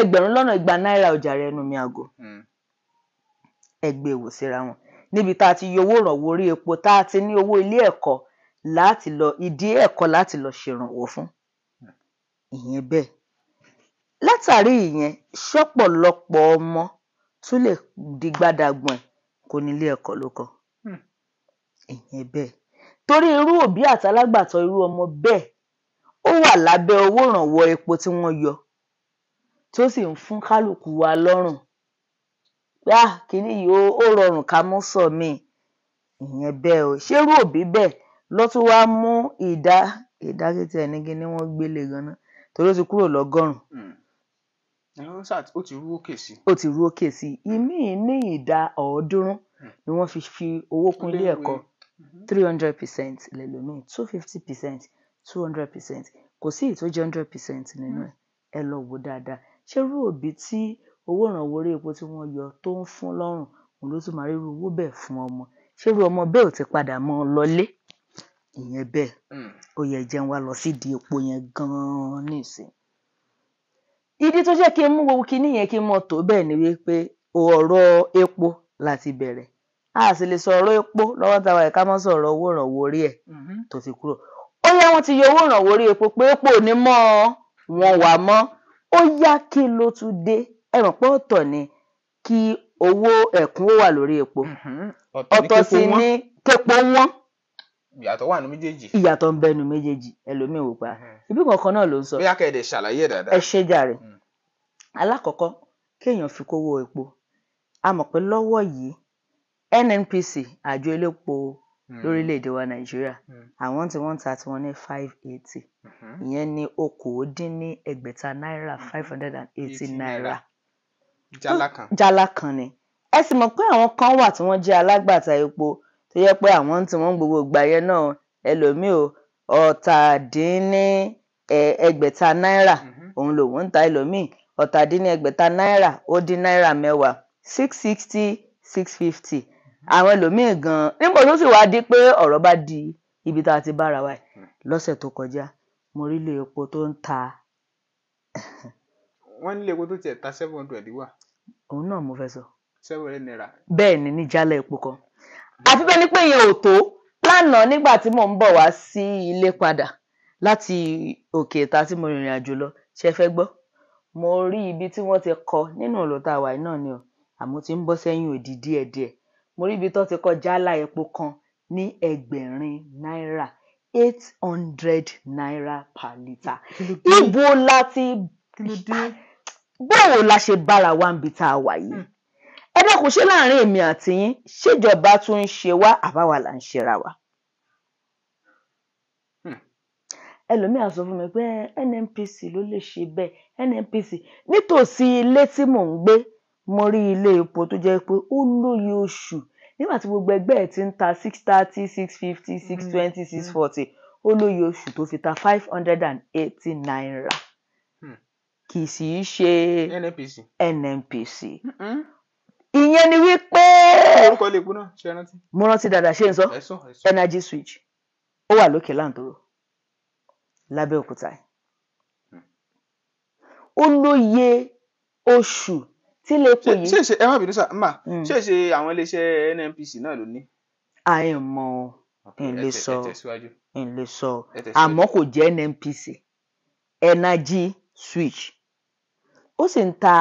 ẹgbẹ̀rún lọ́nà igba náírà ọjà rẹ̀ ẹnu mi àgọ́ hmm. ẹgbẹ́ èwò síra wọn níbi tá a ti yọ owó ìrànwọ́ orí epo tá a ti ní owó ilé ẹ̀kọ́ láti lọ ìdí ẹ̀kọ́ láti lọ ṣèrànwọ́ fún ìyẹn bẹ́ẹ̀ látàrí ìyẹn ṣọ́pọ̀lọpọ̀ ọmọ tún lè di gbádàgbọ̀n kò nílé ẹ̀kọ́ ló kọ́ hmm. ìyẹn bẹ́ẹ̀ torí irú òbí àti alágbàtọ́ irú ọmọ bẹ́ẹ̀ ó wà lábẹ́ owó ìrànwọ́ epo tí wọ́n yọ tí ó sì ń fún kálukú wa lọ́rùn pé hà kiní yìí ó rọrùn ká mú sọ̀ míì ìyẹn bẹ́ẹ̀ o ṣérú òbí bẹ́ẹ̀ ló tún wá mú ìdá ìdá tí tiẹ̀ ní kiní wọ́n gbélé gan-an torí ó ti kúrò lọ́gọ́rùn hmm. ó ti rú òkè sí. ó ti ní ìdá ọ̀ọ́dúnrún hmm. ni wọ́n fi fi owó kún ilé ẹ̀kọ́. Mm-hmm. three hundred percent lẹ́lòmíì two fifty percent two hundred percent kò sí èyí tó jẹ́ hundred percent nínú mm-hmm. ẹ̀ ẹ lọ wò dáadáa ṣé irú òbí tí owó ìrànwọ́ orí epo tí wọ́n yọ tó ń fún lọ́rùn òun ló tún máa rí irú owó bẹ́ẹ̀ fún ọmọ ṣé irú ọmọ bẹ́ẹ̀ ò ti padà mọ́ ọ lọlé ìyẹn bẹ́ẹ̀ mm. ó yẹ jẹun wá lọ sídìí epo yẹn gan-an nísìn ìdí tó jẹ́ kí n mú gbogbo kinní yẹn kí n mọ̀ tó bẹ́ẹ̀ ni wípé ọ̀rọ̀ epo láti bẹ̀rẹ̀ a sì lè sọ̀rọ̀ epo lọ́wọ́ táwa ẹ̀ka mọ́ sọ̀rọ̀ owó ìrànwọ́ orí ẹ̀ mm-hmm. tó fi kúrò ó yá wọ́n ti yọ owó ìrànwọ́ orí epo pé epo ò ní mọ́ wọn wà mọ́ ó yá kí ló tún dé ẹ mọ̀ pé ọ̀tọ̀ ni kí owó ẹ̀kúnwó wà lórí epo mm-hmm. ọ̀tọ̀ sì ni képo wọ́n ìyàtọ̀ wà nù méjèèjì. ìyàtọ̀ ń bẹnu méjèèjì ẹlòmíì wò pa mm-hmm. ibi kankan náà ló ń sọ. bóyá kẹ́ẹ̀dẹ̀ ẹ̀ mm. lọ́wọ́ yìí nnpc àjọ elépo hmm. lórílẹ̀‐èdè wa nàìjíríà hmm. àwọn tí wọ́n ń ta tiwọn ní five eighty hmm. ìyẹn ní okòó-dín-ní-ẹgbẹ̀ta náírà five hundred and eighty náírà jálá kan <gasps> jálá kan ni ẹ sì mọ̀ pé àwọn kan wà tí wọ́n jẹ́ alágbàtà epo tó yẹ pé àwọn tí wọ́n ń gbogbo ìgbà yẹn náà ẹlòmíì o ọ̀tàdínní ẹgbẹ̀ta náírà òun lòun ń ta ẹlòmíì ọ̀tàdínní náírà ó dín náírà mẹ́wàá six sixty six fifty àwọn ẹlòmíì gan nígbà tó sì wáá di pé ọ̀rọ̀ bá di ibi tá a ti bára wa hmm. lọ́sẹ̀ tó kọjá mo rí ilé epo tó ń ta. <laughs> wọ́n nílé epo tó tiẹ̀ ta seven hundred wà. òun náà mo fẹ́ sọ. seven hundred naira. bẹ́ẹ̀ ni níjàlá epo kan àfi bẹ́ẹ̀ ni pé ìyẹn ò tó lánàá nígbà tí mò ń bọ̀ wá sí ilé padà láti òkè ìta tí mo rìnrìn àjò lọ ṣe fẹ́ gbọ́ mo rí ibi tí wọ́n ti kọ nínú ìlú tá náà ni o àmọ́ ti ń bọ́ sẹ́yìn òdì díẹ̀díẹ̀ mo rí ibi tó ti kọ jálá epo kan ní ẹgbẹ̀rin náírà eight hundred naira per litre ibo la ti báwo la ṣe bára wa ń bi tá a wà yìí hmm. ẹ dákun ṣé láàrin èmi àti yín ṣèjọba tún ń ṣe wá àbáwá là ń ṣera wa. Hmm. ẹlòmíà sọ fún mi pé NNPC ló lè ṣe bẹ́ẹ̀ NNPC nítòsí ilé tí mò ń gbé mo rí ilé epo tó jẹ́ pé ó lóye oṣù nígbà tí gbogbo ẹgbẹ́ ẹ̀ ti ń ta six thirty six fifty six mm-hmm. twenty six mm-hmm. forty ó lóye oṣù tó fi ta five hundred and eighty naira hmm. kì í sì í ṣe NNPC NNPC ìyẹn ni wípé orúkọ ilé epo náà ṣe é rántí mo rántí dáadáa ṣé n sọ energy switch ó wà lókè láǹtóró lábẹ́òkúta hmm. ó lóye oṣù tí lepo yìí. ṣé ṣe ẹ má bínú sá mà hmm. ṣé ṣe àwọn iléeṣẹ́ NNPC náà ló ní. àìmọ̀ n lè sọ n lè sọ àmọ́ kò jẹ́ NNPC energy switch ó sì ń ta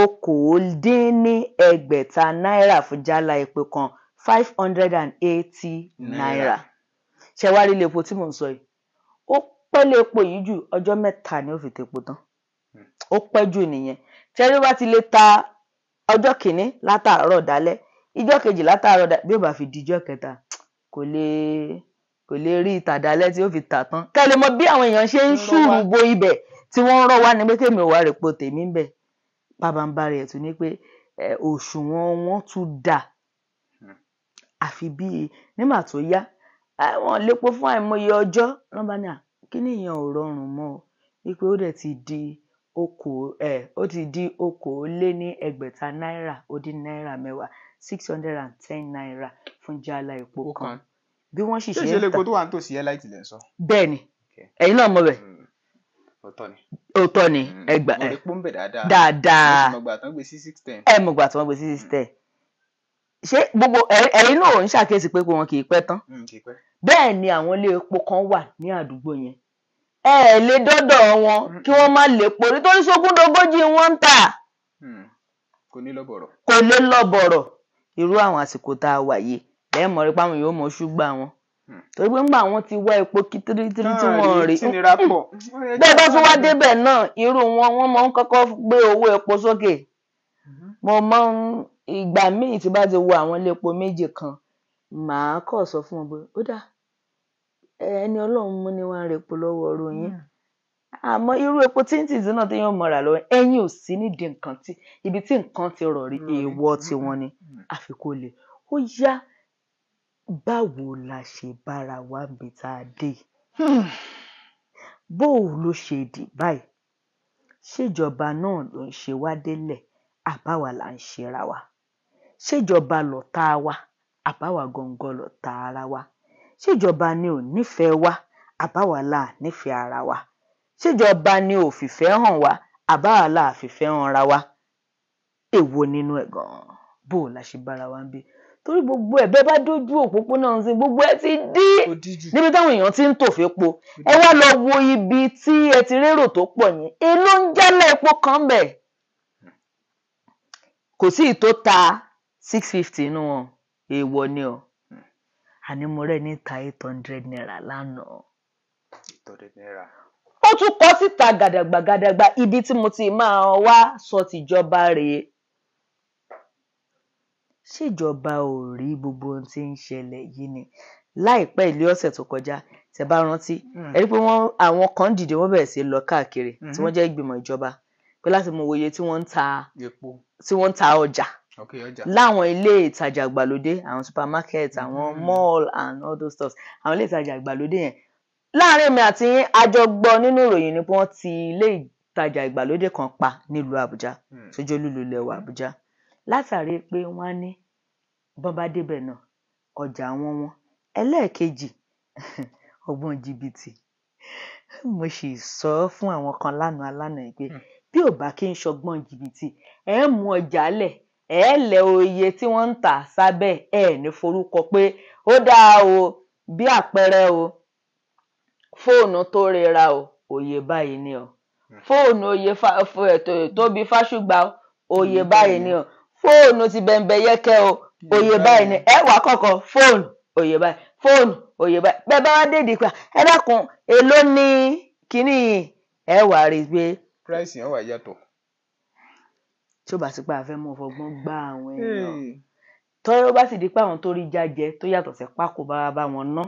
okòó-dín-ní-ẹgbẹ̀ta náírà fún jálá epo kan five hundred and eighty naira ṣẹwárí lepo tí mò ń sọ yìí ó pẹ́ lé epo yìí jù ọjọ́ mẹ́ta ni ó fi tepo tán hmm. ó pẹ́ jù nìyẹn ṣẹ́rí bá ti lè ta ọjọ́ kìíní látàárọ̀ dalẹ́ ijọ́ kejì látàárọ̀ dalẹ́ bí ó bá fi di ijọ́ kẹta kò lè kò lè rí ìta dalẹ́ tí ó fi tà tán kẹ́ ẹ lè mọ bí àwọn èèyàn ṣe ń ṣùrù bo ibẹ̀ tí wọ́n ń rọ̀ wá ní pé kémi ò wá rèpo tèmi ń bẹ̀ bàbá ń bá rẹ̀ tún ní pé òṣùwọ̀n wọn tún dà hmm. àfi bíi nígbà tó yá àwọn lépo fún àìmọye ọjọ́ lọ́ba ní à kí nìyẹn ò rọrùn mọ́ o wípé ó dẹ̀ ti di okò um ó ti di okòóléníẹgbẹ̀ta náírà ó dín náírà mẹ́wàá six hundred and ten naira fún jálá epo kan bí wọ́n sì ṣe ń ta ṣé ìṣẹ̀lẹ̀ epo tó wà nítòsí elite lẹ ń sọ. bẹ́ẹ̀ni ẹ̀yin náà mọ̀ bẹ́ẹ̀ hmm. òótọ́ ni ẹgbà hmm. ẹ dáadáa ẹ mọ̀gbà tí wọ́n gbé sí six ten ẹ mọ̀gbà tí wọ́n gbé sí six ten ṣé gbogbo ẹ̀yin náà ń ṣàkíyèsí pé wọn kì í pẹ́ tán hmm, bẹ́ẹ̀ ni àwọn ilé epo kan wà ní àdúgbò yẹn ẹ ẹ lè dọ́dọ̀ wọn hmm. kí wọ́n má lè po nítorí sógúndógójì wọn ń tà hmm. kò ní lọ bọ̀rọ̀ kò ní lọ bọ̀rọ̀ irú àwọn àsìkò tá a wà yìí lẹ́yìn mọ̀ rí pé àwọn yóò mọ̀ ṣùgbọ́n àwọn hmm. torí pé ńgbà wọn ti wá epo kí tírítírí tí wọn rí bẹ́ẹ̀ bá tún wá débẹ̀ náà irú wọn wọ́n máa ń kọ́kọ́ gbé owó epo sókè mo máa ń ìgbà míì tí bá ti wo àwọn ilé epo méjì kan màá kọ̀ sọ fún wọn pé ó dáa ẹni Ọlọ́run mú ni wọ́n á repo lọ́wọ́ ọ̀rọ̀ yín hmm. àmọ́ irú epo tíntìntì náà téèyàn mọ̀ rà lọ́wọ́ ẹ̀yìn ò sí nídìí nǹkan tí ibi tí nǹkan ti rọ̀ rí hmm. èèwọ̀ tiwọn ni hmm. àfikún lè ó yá báwo la ṣe bára wa níbi tá a dé bó ló ṣe dì báyìí ṣèjọba náà ló ń ṣe wá délẹ̀ àbáwa là ń ṣera wa ṣèjọba lọ̀tá wa àbáwa gangan lọ̀tá ara wa ṣèjọba ni ò nífẹ̀ẹ́ wa àbáwa la nífẹ̀ẹ́ ara wa ṣèjọba ni ò fìfẹ́ hàn wá àbáwa la fìfẹ́ hanra wa èwo nínú ẹ̀ gan-an bó la ṣe bára wa ń bí torí gbogbo ẹ bẹ́ẹ̀ bá dójú òpópónà ọ̀sìn gbogbo ẹ ti dí níbi táwọn èèyàn ti ń tòfé po ẹ wá lọ wo ibi tí ẹ ti rérò tó pọ̀ yẹn èló ń jálẹ̀ epo kan bẹ̀ kò sí ìtò ta six fifty inú wọn èèwọ̀ ni o àní mo rẹ̀ níta eight hundred naira lánàá. eight hundred naira. ó tún kọ síta gàdàgbà gàdàgbà ibi tí mo ti máa wá sọ tìjọba rèé ṣèjọba ò rí gbogbo ohun tí ń ṣẹlẹ̀ yìí ni láìpẹ́ ilé ọ̀sẹ̀ tó kọjá tẹ bá rántí hmm. ẹ rí i pé àwọn kan dìde wọ́n bẹ̀rẹ̀ sí lọ káàkiri tí hmm. wọ́n jẹ́ ìgbìmọ̀ ìjọba pé láti mọ òye tí wọ́n ń ta ọjà láwọn ilé ìtajà ìgbàlódé àwọn supermarket mm-hmm. àwọn mall and all those stuff àwọn ilé ìtajà ìgbàlódé yẹn láàrin mi àti yín a jọ gbọ́ nínú ìròyìn ni pé wọ́n ti ilé ìtajà ìgbàlódé kan pa nílùú àbújá mm. sójú olúlu ilẹ̀ wa àbújá látàrí pé wọ́n á ní bọ́n bá débẹ̀ náà ọjà wọn wọn ẹlẹ́ẹ̀kejì <laughs> ọgbọ́n jìbìtì mo sì sọ fún àwọn kan lánàá lánàá yìí pé mm. bí ò bá kí n ṣọgbọ́n jìbìtì ẹ̀ ń mú ọjà lẹ̀ ẹ ẹ́ lẹ oye tí wọ́n ń tà sábẹ́ ẹ ní forúkọ pé ó dáa o bí àpẹẹrẹ o fóònù tó rira o òye báyìí ni o hmm. fóònù òye eh, tóbi fáṣùgbà òye báyìí ni o fóònù ti bẹ̀m̀bẹ̀ yẹ́kẹ́ o òye báyìí ni ẹ wà kọ̀kọ̀ fóònù òye báyìí fóònù òye báyìí bẹ́ẹ̀ bá wá dédìí pé ẹ dákun èló ni kínní ẹ wà rí i pé. price yẹn wà yàtọ̀ tí ó bá sí pé a fẹ́ mọ fọgbọ́n gbá àwọn èèyàn hmm. tọ́yọ́ bá sì di pé àwọn tó rí jájẹ tó yàtọ̀ sí pákó bá bá wọn ná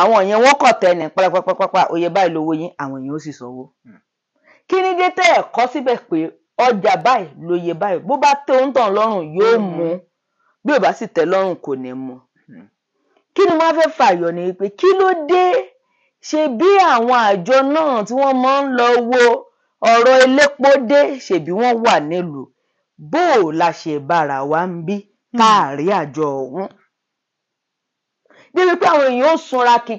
àwọn yẹn wọ́n kọ̀ tẹ̀lé pápápápá oyè báyìí lówó yín àwọn yẹn ó sì sanwó hmm. kí ni dé tẹ́ ẹ̀ kọ́ síbẹ̀ pé ọjà báyìí lóye báyìí bó bá tẹ́ òun tàn lọ́rùn yóò hmm. mú bí ò bá sì tẹ́ lọ́rùn kò ní mú kí ni wọ́n fẹ́ fàyọ ni pé kí ló dé ṣe bí àwọn àjọ náà tí wọ́n máa ń lọ wo ọ̀rọ̀ elépo dé ṣèbí wọ́n wà nílùú bó o la ṣe bára wa ń bí hmm. káàrí àjọ ọ̀hún. débi pé àwọn èèyàn ó sunra kì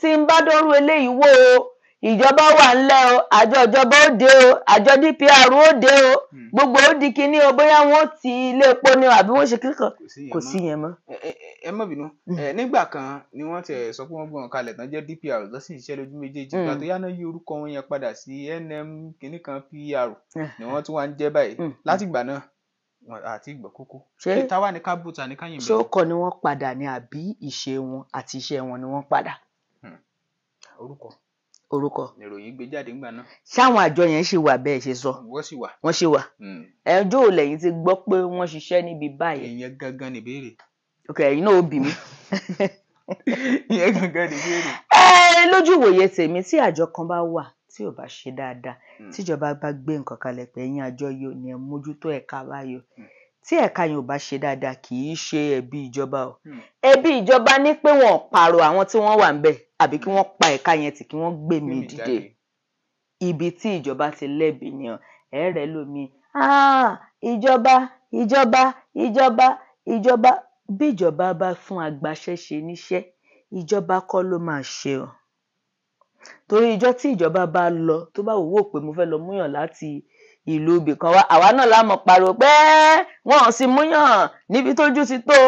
tí n bá dọ́rú eléyìí wò ó ìjọba wà ńlẹ̀ o àjọ ìjọba ó dé o àjọ DPR ó dé o hmm. gbogbo ó di kinní o bóyá wọn ó ti ilé epo ni o àbí wọn ṣe kíkan kò sí yẹn mọ́. ẹ má bínú hmm. nígbà kan ni wọ́n ti sọ pé wọ́n gbọ́n kalẹ̀ tán jẹ́ DPR lọ sí ìṣẹ́ lójú méjèèjì ìgbà hmm. tó yáná yí orúkọ wọn yẹn padà sí NM kinní kan PR eh. ni wọ́n tún wá ń jẹ́ báyìí látìgbà náà àti ìgbà kókó. ṣé táwa ni ká bùtà ní káyìn mẹ́rin. ṣé ni wọ́n padà ni àbí ìṣe wọn àti iṣẹ́ wọn ni wọ́n padà. orúkọ orúkọ. nìròyìn gbé jáde ńgbà náà. ṣáwọn àjọ yẹn ṣì wà bẹ́ẹ̀ ṣe sọ. wọ́n sì wà. wọ́n ṣì wà. Hmm. ẹjọ́ ò lẹ́yìn ti gbọ́ pé wọ́n ṣiṣẹ́ níbi báyìí. ìyẹn gangan ni béèrè. ok ẹ̀yin náà ó bì mí. <laughs> ìyẹn gangan ni béèrè. ẹ lójú ìwòye tèmi tí àjọ kan bá wà tí ò bá ṣe dáadáa hmm. tíjọba bá gbé nǹkan kalẹ̀ pé ẹ̀yin àjọ yóò ní ẹ mójútó ẹ̀ka báyò hmm. tí ẹ̀ka yẹn ò bá ṣe dáadáa kì í ṣe ẹ̀bi ìjọba o ẹ̀bi ìjọba ní pé wọn pààrọ̀ àwọn tí wọ́n wà ń bẹ̀ àbí kí wọ́n pa ẹ̀ka yẹn tì kí wọ́n gbé mi dìde ibi tí ìjọba ti lẹ́bi yàn ẹ̀rẹ̀ lómi ah, ìjọba ìjọba ìjọba ìjọba bíjọba bá fún agbaṣẹ́ṣe níṣẹ́ ìjọba kọ́ ló máa ṣe o torí ìjọ tí ìjọba bá lọ tó bá wò ó pé mo fẹ́ lọ múyàn láti ìlú ibìkan wa àwa náà la mọ̀ pariwo pé wọn ò sì múyàn níbi tójú ti tó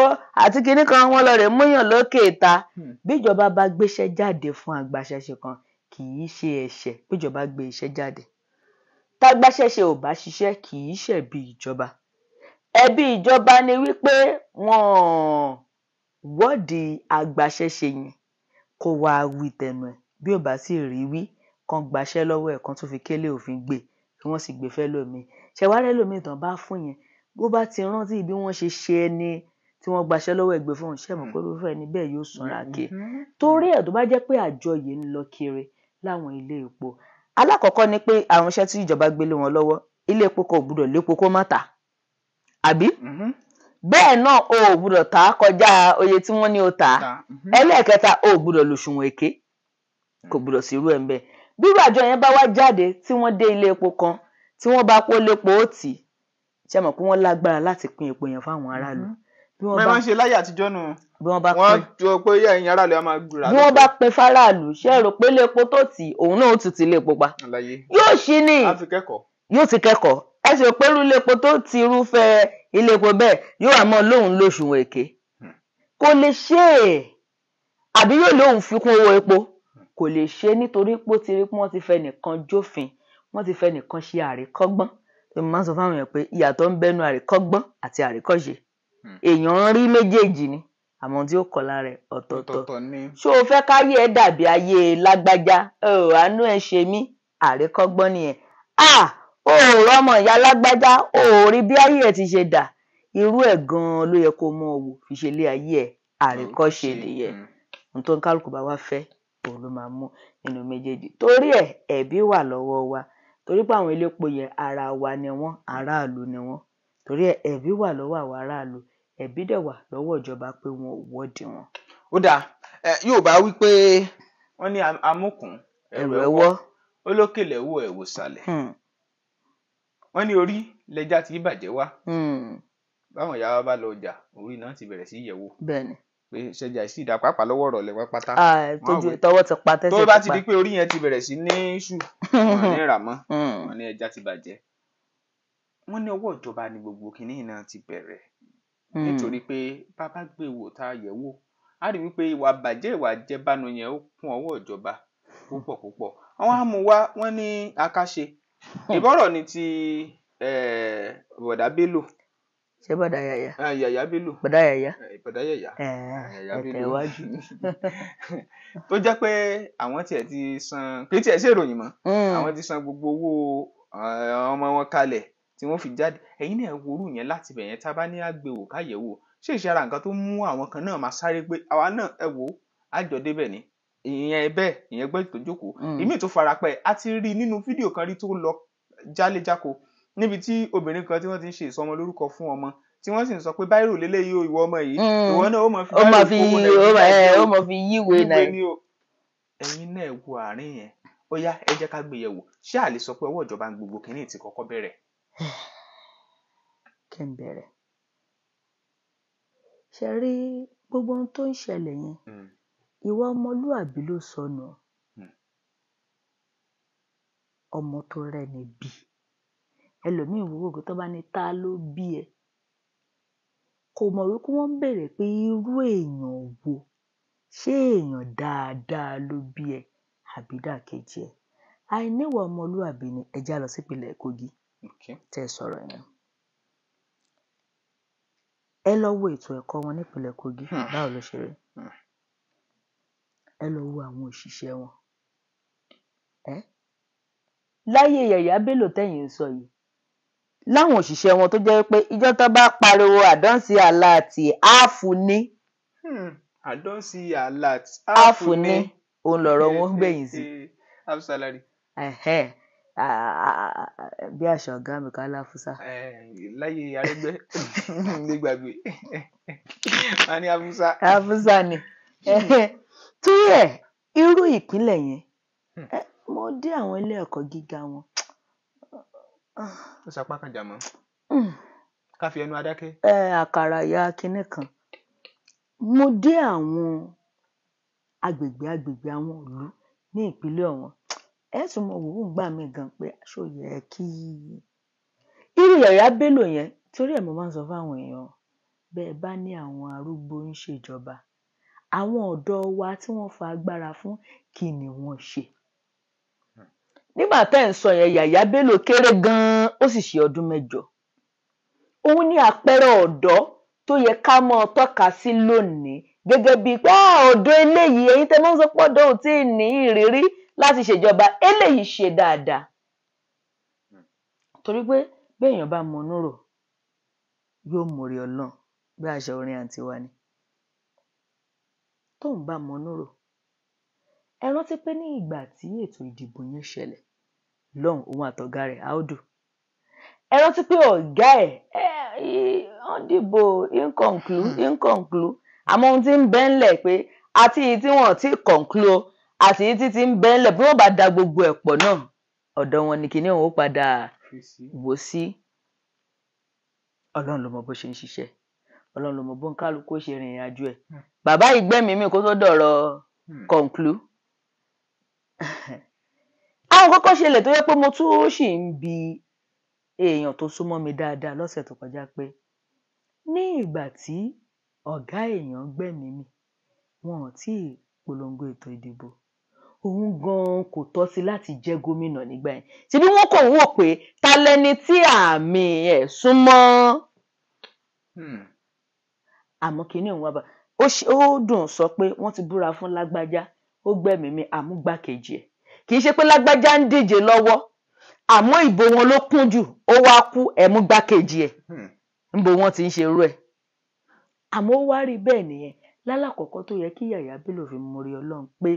àti kinní kan wọn lọ rè múyàn lókè ìta hmm. bíjọba bá gbéṣẹ́ jáde fún agbaṣẹ́ṣe kan kì í ṣe ẹ̀ṣẹ̀ bíjọba gbé iṣẹ́ jáde tágbáṣẹ́ṣe ò bá ṣiṣẹ́ kì í ṣẹ̀bi ìjọba ẹ̀bi ìjọba ni wípé wọn wọ́ọ̀dì agbaṣẹ́ṣe yẹn kó wáá wí tẹnu ẹ̀ bí ò bá sì rí wí kan gbaṣẹ́ lọ́wọ́ ẹ̀ kan tó fi kélé òfin gbé e kí wọ́n sì gbé fẹ́ lómi ṣẹwárẹ lómi tán bá fún yẹn bó bá ti rántí bí wọ́n ṣe ṣe ẹni tí wọ́n gbaṣẹ́ lọ́wọ́ ẹgbẹ́ fún ṣẹ mọ̀ pé mm-hmm. irúfẹ́ ẹni bẹ́ẹ̀ yóò sanra mm-hmm. ké torí ẹ̀ tó bá jẹ́ pé àjọ yìí ń lọ kiri láwọn ilé epo alákọ̀ọ́kọ́ ni pé àwọn iṣẹ́ tí ìjọba gbé lé wọn lọ́wọ́ ilé epo kò gbúdọ̀ lépo kó má tà àbí mm-hmm. bẹ́ẹ̀ náà o ò gbúdọ̀ tà kọjá oye tí wọ́n ní o tà á ẹlẹ́ẹ̀kẹta o ò gbúdọ̀ lòṣùwọ̀n èké kò gbúdọ̀ sí irú ẹ̀ ń bẹ́ẹ̀ bírú àjọ yẹn bá wá jáde tí wọ́n dé ilé epo kan tí wọ́n bá pọ́ lépo ó tì í ṣe mọ̀ pé wọ́n lágbára láti pín epo yẹn fáwọn aráàlú. bí wọ́n bá ṣe láyé àtijọ́ nù. bí wọ́n bá pín wọ́n jọ pé ẹ̀yin aráàlú á máa gbúra. bí wọ́n bá pín fáráàlú ṣe rò pé lépo tó tì òun náà ó tún ti lépo pa. yóò ṣí ni yóò ti kẹ́kọ̀ọ́ ẹ sì pé irú lépo tó ti irúfẹ́ ilé epo bẹ́ẹ̀ yóò wà mọ́ lóhùn lóṣùwọ̀n èké hmm. kò lè ṣe é àbí yóò lóhùn fikún owó epo kò lè ṣe é nítorí pé ó ti rí pé wọ́n ti fẹnìkan jófin wọ́n ti fẹnìkan ṣe àríkọ́gbọ́n tí mo máa ń sọ fáwọn èèyàn pé ìyàtọ̀ ń bẹnu àríkọ́gbọ́n àti àríkọ́ṣe hmm. èèyàn ń rí méjèèjì ni àmọ́ tí ó kọ̀ lára ẹ̀ ọ̀tọ̀ọ̀tọ̀ ṣó o fẹ́ káyé ẹ dàbí ayé lágbájá àánú ẹ ṣe mí àríkọ́gbọ́n nìyẹn a ò rọmọ ìyá lágbájá ò rí bí ayé ẹ ti ṣe dà irú ẹ̀ gan-an ló yẹ kó mọ wò fi ṣe lé ayé ẹ àríkọ́ṣe nìyẹn hmm. ohun tó ń kálukú bá wá fẹ́ òun ló máa mú nínú méjèèjì torí ẹ̀ ẹ̀bi wà lọ́wọ́ wa torí pé àwọn elépo yẹn ara wa ni wọ́n aráàlú ni wọ́n torí ẹ̀ ẹ̀bi wà lọ́wọ́ àwọn aráàlú ẹ̀bi dẹ̀ wà lọ́wọ́ ìjọba pé wọn ò wọ́ọ̀dì wọn. ó dáa Yorùbá wí pé wọ́n ní amúkùn ẹ̀rù ẹ̀wọ́ olókèlè wo ẹ̀wò sàlẹ̀ hmm. wọ́n ní orí lẹja ti bàjẹ́ wá hmm. báwọn ìyá wa bá lọ ọjà orí náà ti bẹ̀rẹ̀ sí yẹ̀wò. bẹ́ẹ̀ni pé ṣẹjà ìsì ìdá pàápàá lọ́wọ́ ọ̀rọ̀ lẹ́wọ́ pátá. tọwọ́ ti pa tẹ́sẹ̀ ti pa tó bá ti di pé orí yẹn ti bẹ̀rẹ̀ sí ní ṣù wọn ní ràmọ́ wọn ní ẹja ti bàjẹ́ wọ́n ní ọwọ́ ìjọba ni gbogbo kìnìún náà ti bẹ̀rẹ̀ hmm. nítorí pé bàbá gbé wò tá a yẹ̀ wò a rí wípé ìwà bàjẹ́ ìwà jẹ́bánu yẹn ó kún ọwọ́ ìjọba púpọ̀ púpọ̀ àwọn amúwá wọ́n ní akáṣe <laughs> ìbọ̀rọ̀ ni ti eh, bọ̀dà Bello ṣé bàdá yàyà. Ah, yàyà bello. bàdá yàyà. Eh, bàdá yàyà. Eh, ah, yàyà bello ẹtẹwájú. <laughs> tó jẹ́ pé àwọn tiẹ̀ ti san pé tiẹ̀ ṣe ìròyìn mọ́ hmm. àwọn ti san gbogbo owó eh, ọmọ wọn kalẹ̀ tí wọ́n fi jáde ẹ̀yin náà worú yẹn láti bẹ̀ yẹn tá a bá ní àgbèwò káyẹ̀wò ṣé ìṣe ara nǹkan tó mú àwọn kan náà máa sáré pé àwa náà ẹ wò ó àjọ débẹ̀ ni ìyẹn bẹ́ẹ̀ ìyẹn gbẹ́jì tó jókòó hmm. ìmíì tó farapẹ́ a ti rí nínú fídíò kan rí tó lọ jálẹ̀jáko níbi tí obìnrin kan tí wọ́n ti ń ṣe ìsọmọ lórúkọ fún ọmọ tí wọ́n sì ń sọ pé báírò lélẹ́yìí o ìwọ ọmọ yìí hmm. ìwọ náà ó mọ̀ fi báírò ó mọ̀ fi yíwèé náà ẹ̀yin náà wo àárín yẹn ó yá ẹ jẹ́ ká gbé yẹ̀wò ṣé àlè sọ pé ọwọ́ ìjọba ń gbogbo kínní ti kọ́kọ́ bẹ̀rẹ̀. <sighs> kí n bẹ̀rẹ̀ ṣe rí gbogbo ohun tó ń ṣẹlẹ̀ yẹn hmm. ìwà ọmọlúàbí ló sọnù hmm. ọmọ tó rẹni bí ẹlòmíì wò wò pé tó bá ní ta ló bí ẹ kò mọ̀ wípé wọ́n ń bèèrè pé irú èèyàn wo ṣé èèyàn dáadáa ló bí ẹ àbí dàkejì ẹ àìníwà ọmọlúàbí ni ẹ já lọ sípìnlẹ̀ Kogi tẹ́ ẹ sọ̀rọ̀ yẹn ẹ lọ wo ètò ẹ̀kọ́ wọn nípìnlẹ̀ Kogi hmm. báwo ló ṣe rí hmm. ẹ lọ wo àwọn òṣìṣẹ́ wọn láyé Yàyà Bello tẹ̀yìn sọ yìí láwọn òṣìṣẹ́ wọn tó jẹ́ pé ìjọ tó bá pariwo àdánsì aláàtì áàfù ni. àdánsì hmm, aláàtì áàfù ni òun lọ̀rọ̀ wọn gbẹ̀yìn sí. áàfù sálárì. bí àṣà ọ̀gá mi kan láfúsá. láyé arẹgbẹ́ lè <laughs> gbàgbé wọn <laughs> ní áfúsá. áfúsá ni torí ẹ irú ìpínlẹ̀ yẹn hmm. mo dé àwọn ilé ẹ̀kọ́ gíga wọn. Ah. ó sapá kan jàmọ́ hmm. ká fi ẹnu adákẹ́. ẹ àkàrà ìyá kinní kan mo dé àwọn agbègbè agbègbè àwọn ìlú ní ìpínlẹ̀ ọ̀wọ́n ẹ tún mọ òwú gbà mí gan pé aṣọ yẹ kí irú yàyà Bello yẹn torí ẹ̀ mo máa ń sọ fáwọn èèyàn bẹ́ẹ̀ bá ní àwọn arúgbó ń ṣèjọba àwọn ọ̀dọ́ wa tí wọ́n fa agbára fún kí ni wọ́n ṣe nígbà tá ẹ̀ ń sọ yẹn Yàyà Bello kéré gan-an ó sì ṣe ọdún mẹ́jọ òun ní àpẹẹrẹ ọ̀dọ́ tó yẹ ká mọ́ ọ tọ́ka sí lónìí gẹ́gẹ́ bíi pé ọ̀dọ́ eléyìí ẹ̀yin tẹ́ mọ́ ń sọ pọ́dọ̀ ò tí ì ní ìrírí láti ṣèjọba eléyìí ṣe dáadáa torí pé béèyàn bá mọnú rò yóò mòrè ọlọ́run bí àṣà orin àǹtí wa ni tóun bá mọnú rò ẹ rántí pé ní ìgbà tí ètò ìdìbò yẹn ṣẹlẹ̀ lọ́hùn òun àtọ̀gá rẹ̀ áódù ẹ rántí pé ọ̀gá ẹ̀ wọ́n dìbò inconclu hmm. inconclu àmọ́ ohun tí ń bẹ́ ńlẹ̀ pé àti èyí tí wọ́n ti conclu àti èyí tí ti ń bẹ́ ńlẹ̀ bí wọ́n bá da gbogbo ẹ̀ pọ̀ náà ọ̀dọ̀ wọn ni kìnìún ó padà wò sí ọlọ́run ló mọ bó ṣe ń ṣiṣẹ́ ọlọ́run ló mọ bó ń kálukú ṣe rìnrìn àjò ẹ̀ hmm. bàbá ìgbẹ́mìí mi kó tó dọ̀rọ̀ hmm. conclu ohun kọ́kọ́ ṣẹlẹ̀ tó jẹ́ pé mo tún ṣì ń bi èèyàn tó súnmọ́ mi dáadáa lọ́sẹ̀ tó kọjá pé ní ìgbà tí ọ̀gá èèyàn gbẹ̀mí mi wọn ò tí ì polongo ètò ìdìbò òun gan-an kò tọ́ sí láti jẹ́ gómìnà nígbà yẹn ṣebí wọn kò wò pé ta lẹni tí àmì ẹ̀ súnmọ́ hmm. àmọ́ kínní òun wà bá ó dùn sọ pé wọ́n ti búra fún lágbájá ó gbẹ̀mí mi àmúgbàkejì ẹ̀ kì í ṣe pé lágbájá ń díje lọ́wọ́ àmọ́ ìbò wọn ló kún jù ó wá kú ẹ̀mú gbákejì ẹ̀ hmm. níbo wọn ti ń ṣe irú ẹ̀ àmọ́ ó wá rí bẹ́ẹ̀ nìyẹn lálàkọ́kọ́ tó yẹ kí Yàyà Bello fi mórí Ọlọ́run pé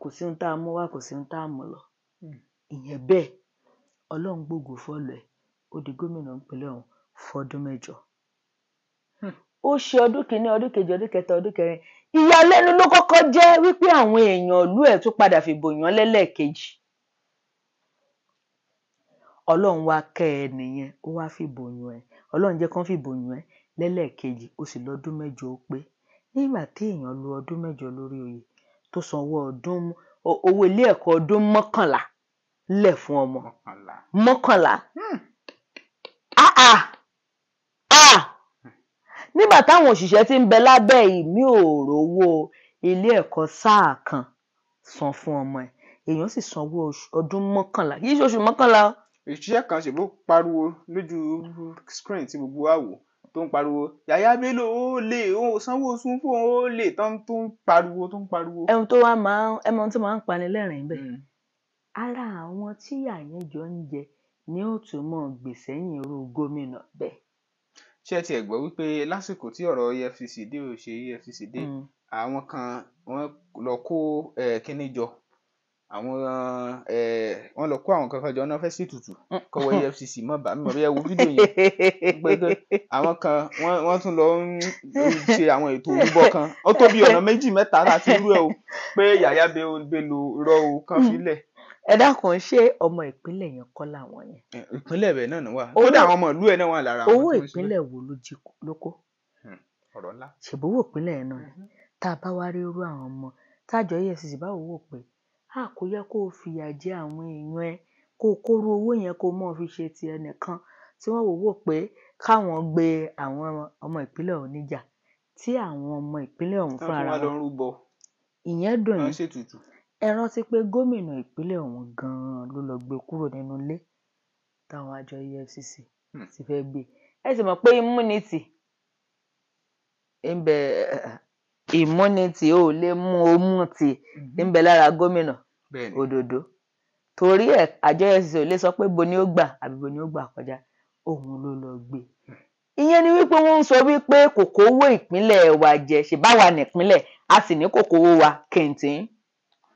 kò sí ohun tá a mú wá kò sí ohun tá a mú lọ hmm. ìyẹn bẹ́ẹ̀ Ọlọ́run gbòògùn fọ́ọ̀lù ẹ̀ ó di gómìnà ìpínlẹ̀ ọ̀hún fọ́dún mẹ́jọ. Hmm. o se ọdún kìíní ọdún kejì ọdún kẹta ọdún kẹrin ìyàlẹ́nu ló kọ́kọ́ jẹ́ wípé àwọn èèyàn ìlú ẹ̀ tún padà fìbò yàn lẹ́lẹ́ẹ̀kejì ọlọ́run wá kẹ́ ẹ nìyẹn ó wá fìbò yàn ẹ́ ọlọ́run jẹ́ kán fìbò yàn ẹ́ lẹ́lẹ́ẹ̀kejì ó sì lọ́dún mẹ́jọ ó pé nígbà tí èèyàn lo ọdún mẹ́jọ lórí oyè tó sanwó ọdún owó ilé ẹ̀kọ́ ọdún mọ́kànlá lẹ̀ fún ọmọ mọ́kànlá hmm. ah, ah. nígbà táwọn òṣìṣẹ́ tí ń bẹ lábẹ́ yìí mi ò rówó ilé ẹ̀kọ́ sáà kan san fún ọmọ ẹ̀ èèyàn sì sanwó ọdún mọ́kànlá kì í ṣe oṣù mọ́kànlá o. òṣìṣẹ́ kan ṣègbó pariwo lójú screen tí gbogbo wa wò tó ń pariwo Yàyà Bello ó lè ó sanwó sun fún ó lè tán tó ń pariwo tó ń pariwo. ẹun tó wá máa ń ẹmọ tó máa ń pani lẹ́rìn-ín bẹ́ẹ̀ hmm. ara àwọn tíyà yẹn jọ ń jẹ ni ó mọ gbèsè yìí irú gómìnà bẹ́ẹ̀ ṣé tiẹ̀ gbọ́ wípé lásìkò tí ọ̀rọ̀ EFCC dé ò ṣe EFCC dé mm. àwọn kan wọ́n lọ kó kínní jọ àwọn wọ́n lọ kó àwọn kankan jọ náà fẹ́ sí tutù kọ́wọ́ EFCC mọ́ bàmí mọ́ bẹ́ẹ̀ wo fídíò yẹn gbẹgbẹ àwọn kan wọ́n tún lọ ń ṣe àwọn ètò orúbọ kan ó tó bí ọ̀nà méjì mẹ́ta láti rú ẹ o pé Yàyà Bello rọ o kan fílẹ̀ ẹ dákun ṣé ọmọ ìpínlẹ̀ yẹn kọ́ làwọn yẹn. ìpínlẹ̀ bẹ́ẹ̀ náà wà kódà àwọn ọmọ ìlú ẹ̀ náà wà lára wọn. owó ìpínlẹ̀ wo ló jí lóko. Hmm, ọ̀rọ̀ ńlá. ṣèbówó ìpínlẹ̀ yẹn náà mm-hmm. tá a bá wá rí irú àwọn ọmọ tájọ efcc báwo wò pé a kò yẹ kó o fìyà jẹ àwọn èèyàn ẹ kó o kóró owó yẹn kó o mọ̀ fi ṣe ti ẹnìkan tí wọ́n wò wò pé káwọn gbé àwọn ọmọ ìpínlẹ̀ ọ̀hún níjà tí àwọn ọmọ ìpínlẹ̀ ọ̀hún fúnra wọn ìyẹn dùn yín ẹ rántí pé gómìnà ìpínlẹ̀ ọ̀hún gan-an ló lọ́ọ́ gbé e kúrò nínú ilé táwọn àjọ efcc hmm. ti fẹ́ gbé e ẹ sì mọ̀ pé immunity ń bẹ immunity ò lè mú omú tì mm-hmm. ń bẹ lára gómìnà òdòdó torí ẹ àjọ efcc ò lè sọ pé bo ni ó gbà àbí bo ni ó gbà kọjá òun ló lọ́ọ́ gbé e ìyẹn ni wípé wọ́n ń sọ wípé kòkó owó ìpínlẹ̀ wa jẹ ṣèbáwa nípínlẹ̀ a sì ní kòkó owó wa kẹ̀ǹtìn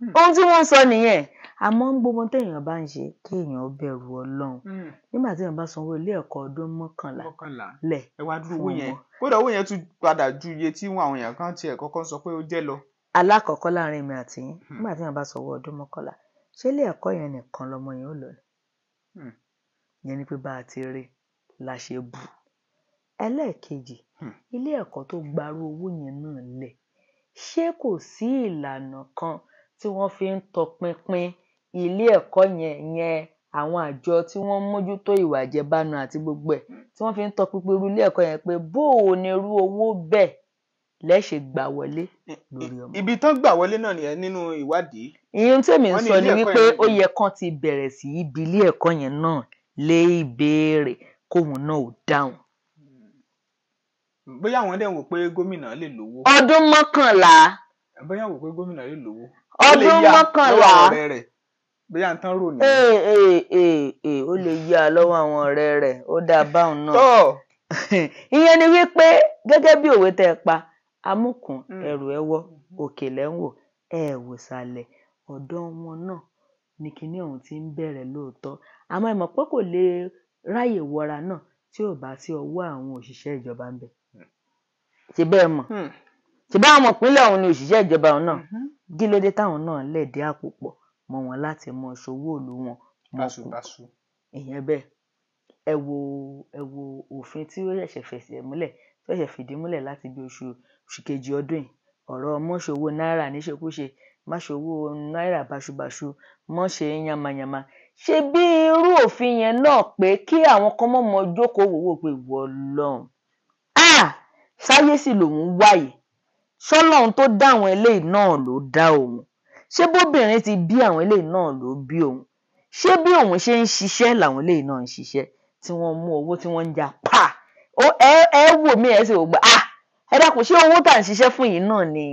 Hmm. ohun tí wọ́n sọ nìyẹn àmọ́ gbogbo téèyàn bá ń ṣe kéèyàn bẹ̀rù ọlọ́run hmm. nígbà téèyàn bá sanwó ilé ẹ̀kọ́ ọdún mọ́kànlá lẹ̀ fún wọn. kódà owó yẹn tún padà ju iye tí àwọn èèyàn kan tiẹ̀ kọ́kọ́ sọ pé ó jẹ́ lọ. alákọ̀ọ́kọ́ láàrin mi àti yín hmm. nígbà téèyàn bá sanwó ọdún mọ́kànlá ṣé ilé ẹ̀kọ́ yẹn nìkan lọmọ yẹn ó lọ ni. yẹn ni pé bá a ti rí la ṣe bù. ẹlẹ́ẹ̀kejì ilé ẹ̀kọ́ tó gbarú owó yẹn náà lẹ̀ ṣé kò sí ìlànà kan tí wọ́n fi ń tọpinpin ilé ẹ̀kọ́ yẹn ìyẹn àwọn àjọ tí wọ́n ń mójútó ìwà ìjẹbánu àti gbogbo ẹ̀ tí wọ́n fi ń tọpinpin irú ilé ẹ̀kọ́ yẹn pé bó o ní irú owó bẹ́ẹ̀ lẹ́sẹ̀ gbà wọlé lórí ọmọ. ibi tán gbà wọlé náà nìyẹn nínú ìwádìí. ìyẹn tèmi ń sọ ni wípé ó yẹ kán ti bẹ̀rẹ̀ sí í ilé ẹ̀kọ́ yẹn náà lé ìbéèrè kóhun náà ò dáhùn. bóyá àwọn dẹ̀ pé gómìnà lè lówó. ọdún mọ́kànlá. bóyá wò pé gómìnà lè lówó ọdún mọ́kànlá bí à ń tán rò ní. ó lè yá lọ́wọ́ àwọn ọ̀rẹ́ rẹ̀ ó dáa báwọn náà. <laughs> ìyẹn ni wípé gẹ́gẹ́ bí òwe tẹ́ ẹ pa amúkùn hmm. ẹrù ẹ wọ òkè lẹ́ ń wò ẹ wò sàlẹ̀ ọ̀dọ̀ wọn náà ni kinní ọ̀hún ti ń bẹ̀rẹ̀ lóòótọ́ àmọ́ ẹ pé kò lè ráyè wọra náà tí ò bá sí ọwọ́ àwọn òṣìṣẹ́ ìjọba ń bẹ. Hmm. ṣe bẹ́ẹ̀ mọ̀ hmm. ṣe bá àwọn ìpínlẹ̀ ọ̀hún ni òṣìṣẹ́ ìjọba ọ̀hún náà mm-hmm kí ló dé táwọn náà lẹ̀dí àpò pọ̀ mọ́ wọn láti mọ ṣòwò òlu wọn mọ̀kù ìyẹn bẹ́ẹ̀ ẹ wo ẹ wo òfin tí ó ṣẹ̀ṣẹ̀ fẹsẹ̀ múlẹ̀ tí ó ṣẹ̀ṣẹ̀ fìdí múlẹ̀ láti bí oṣù oṣù kejì ọdún yìí ọ̀rọ̀ mọ́ṣowó náírà níṣekúṣe máṣowó náírà báṣubàṣu mọ́ṣe yamayama ṣe bí irú òfin yẹn náà pé kí àwọn kan mọ̀ mọ́ jókòó wò pé wọ́n ṣáyé sì lòun wáyé ṣọlọ́run tó dá àwọn eléyìí náà ló dá òun ṣé bóbìnrin ti bí àwọn eléyìí náà ló bí òun ṣé bí òun ṣe ń ṣiṣẹ́ làwọn eléyìí náà ń ṣiṣẹ́ tí wọ́n mú owó tí wọ́n ń jà pa ẹ ẹ wò mí ẹ sì wò gbà ah ẹ dákun ṣé owó tà ń ṣiṣẹ́ fún yìí náà ni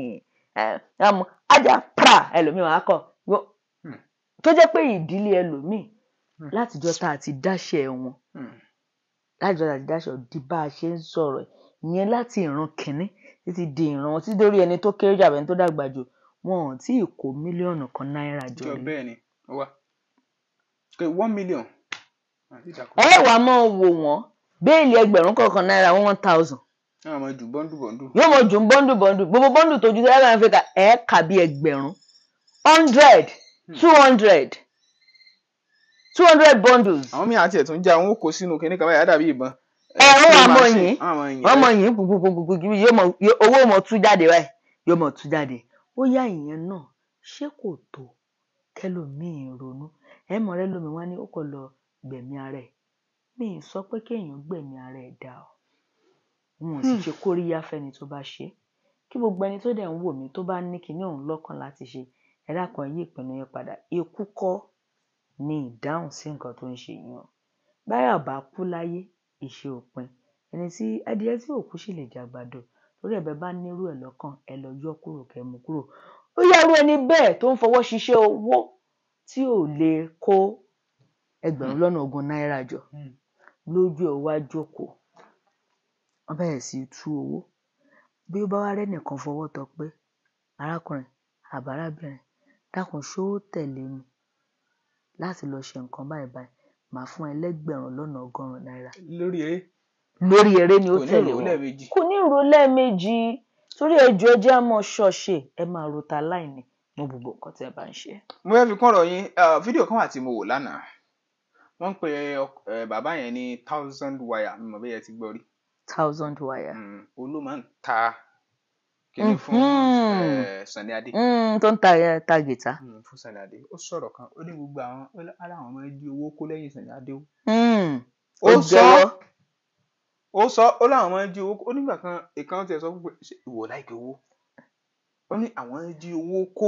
àmọ́ ajá pa ẹlòmíì wàá kọ hmm, tó jẹ́ pé ìdílé ẹlòmíì hmm. látijọ́ tá a ti dáṣẹ́ wọn hmm. látijọ́ tá a ti dáṣẹ́ di bá a ṣe ń sọ̀rọ̀ ìyẹn láti ìran kìnní títí di ìran títí dórí ẹni tó kéré jù àbẹ̀ni tó dàgbà jù wọn ò tí ì kó mílíọ̀nù kan náírà jọ rí. bẹ́ẹ̀ ni ó wà one million. ẹ wà á máa wò wọ́n béèlì ẹgbẹ̀rún kọ̀ọ̀kan náírà one thousand. yóò mọ ju bọ́ndù bọ́ndù. yóò mọ ju bọ́ndù bọ́ndù gbogbo bọ́ndù tó ju ẹgbẹ̀rún Áfíríkà ẹ̀ kà bí ẹgbẹ̀rún hundred hmm. two hundred two hundred bundles. àwọn mi àti ẹ̀ tún já wọn kó sínú kínní kan báyìí á dàbí ìbọn ẹ ó wà mọ yín ọmọ yín gbogbogbò yóò mọ owó mọ tú jáde báyìí yóò mọ tú jáde ó yá ìyẹn náà ṣé kò tó kẹlòmíì ronú ẹ mọ rẹ lómi wá ní ó kọ lọ gbẹ̀mí ara ẹ mi ì sọ pé kéèyàn gbẹ̀mí ara ẹ dá o wọn ò sì hmm. ṣe kóríyá fẹ́ni tó bá ṣe kí gbogbo ẹni tó dẹ̀ ń wò mí tó bá ní kinní ọ̀hún lọ́kàn láti ṣe ẹ dákun ẹ yí ìpinnu yẹn padà ikú kọ́ ni ìdáhùn sí nǹkan tó ń ṣe yẹn báyà bá kú láyé iṣẹ́ òpin. Ẹni tí adìẹ tí ò kú sì lè jẹ àgbàdo. Torí ẹ bẹ bá ní irú ẹ̀ lọ́kàn, ẹ lọ yọ kúrò kẹ́ mú kúrò. Ó yá irú ẹni bẹ́ẹ̀ tó ń fọwọ́ ṣiṣẹ́ owó tí ò lè kó ẹgbẹ̀rún lọ́nà ogún náírà jọ hmm. lójú ẹ̀ wá jókòó. Wọ́n bẹ̀rẹ̀ sí í tú owó. Bí ó bá wá rẹ́nìkan fọwọ́ tọ pé arákùnrin àbárábìnrin dákun ṣé ó mi láti lọ ṣe nǹkan báyìí báyìí. Ma fún ẹ lẹ́gbẹ̀rún lọ́nà ọgọ́rùn-ún náírà. lórí eré. lórí eré ni ó tẹ̀lé wọn kò ní ro lẹ́ẹ̀mejì torí ẹjọ́ ẹjẹ́ á mọ ṣọ́ọ̀ṣe ẹ máa ro ta láìní mo gbogbo nǹkan tí ẹ bá ń ṣe. mo fẹ́ fi kún ọ̀rọ̀ yín fídíò kan wà tí mo wò lánàá wọ́n ń pe bàbá yẹn ní thousand wire mo mọ̀ bẹ́ẹ̀ yẹn ti gbọ́ rí. thousand wire. Hmm, olú máa ń ta kíní fún mm-hmm. eh, Sunny Adé. Mm-hmm, tó ń ta eh, ta gìtá. Mm, fún Sunny Adé ó sọ̀rọ̀ kan ó ní gbogbo àwọn aláwọn ọmọ ẹni owó kó lẹ́yìn Sunny Adé o. Mm-hmm. ó sọ ó sọ ó láwọn ọmọ ẹni owó ó nígbà kan ìkan tiẹ̀ sọ pé ìwọ láìpẹ́ owó ó ní àwọn ẹni owó kó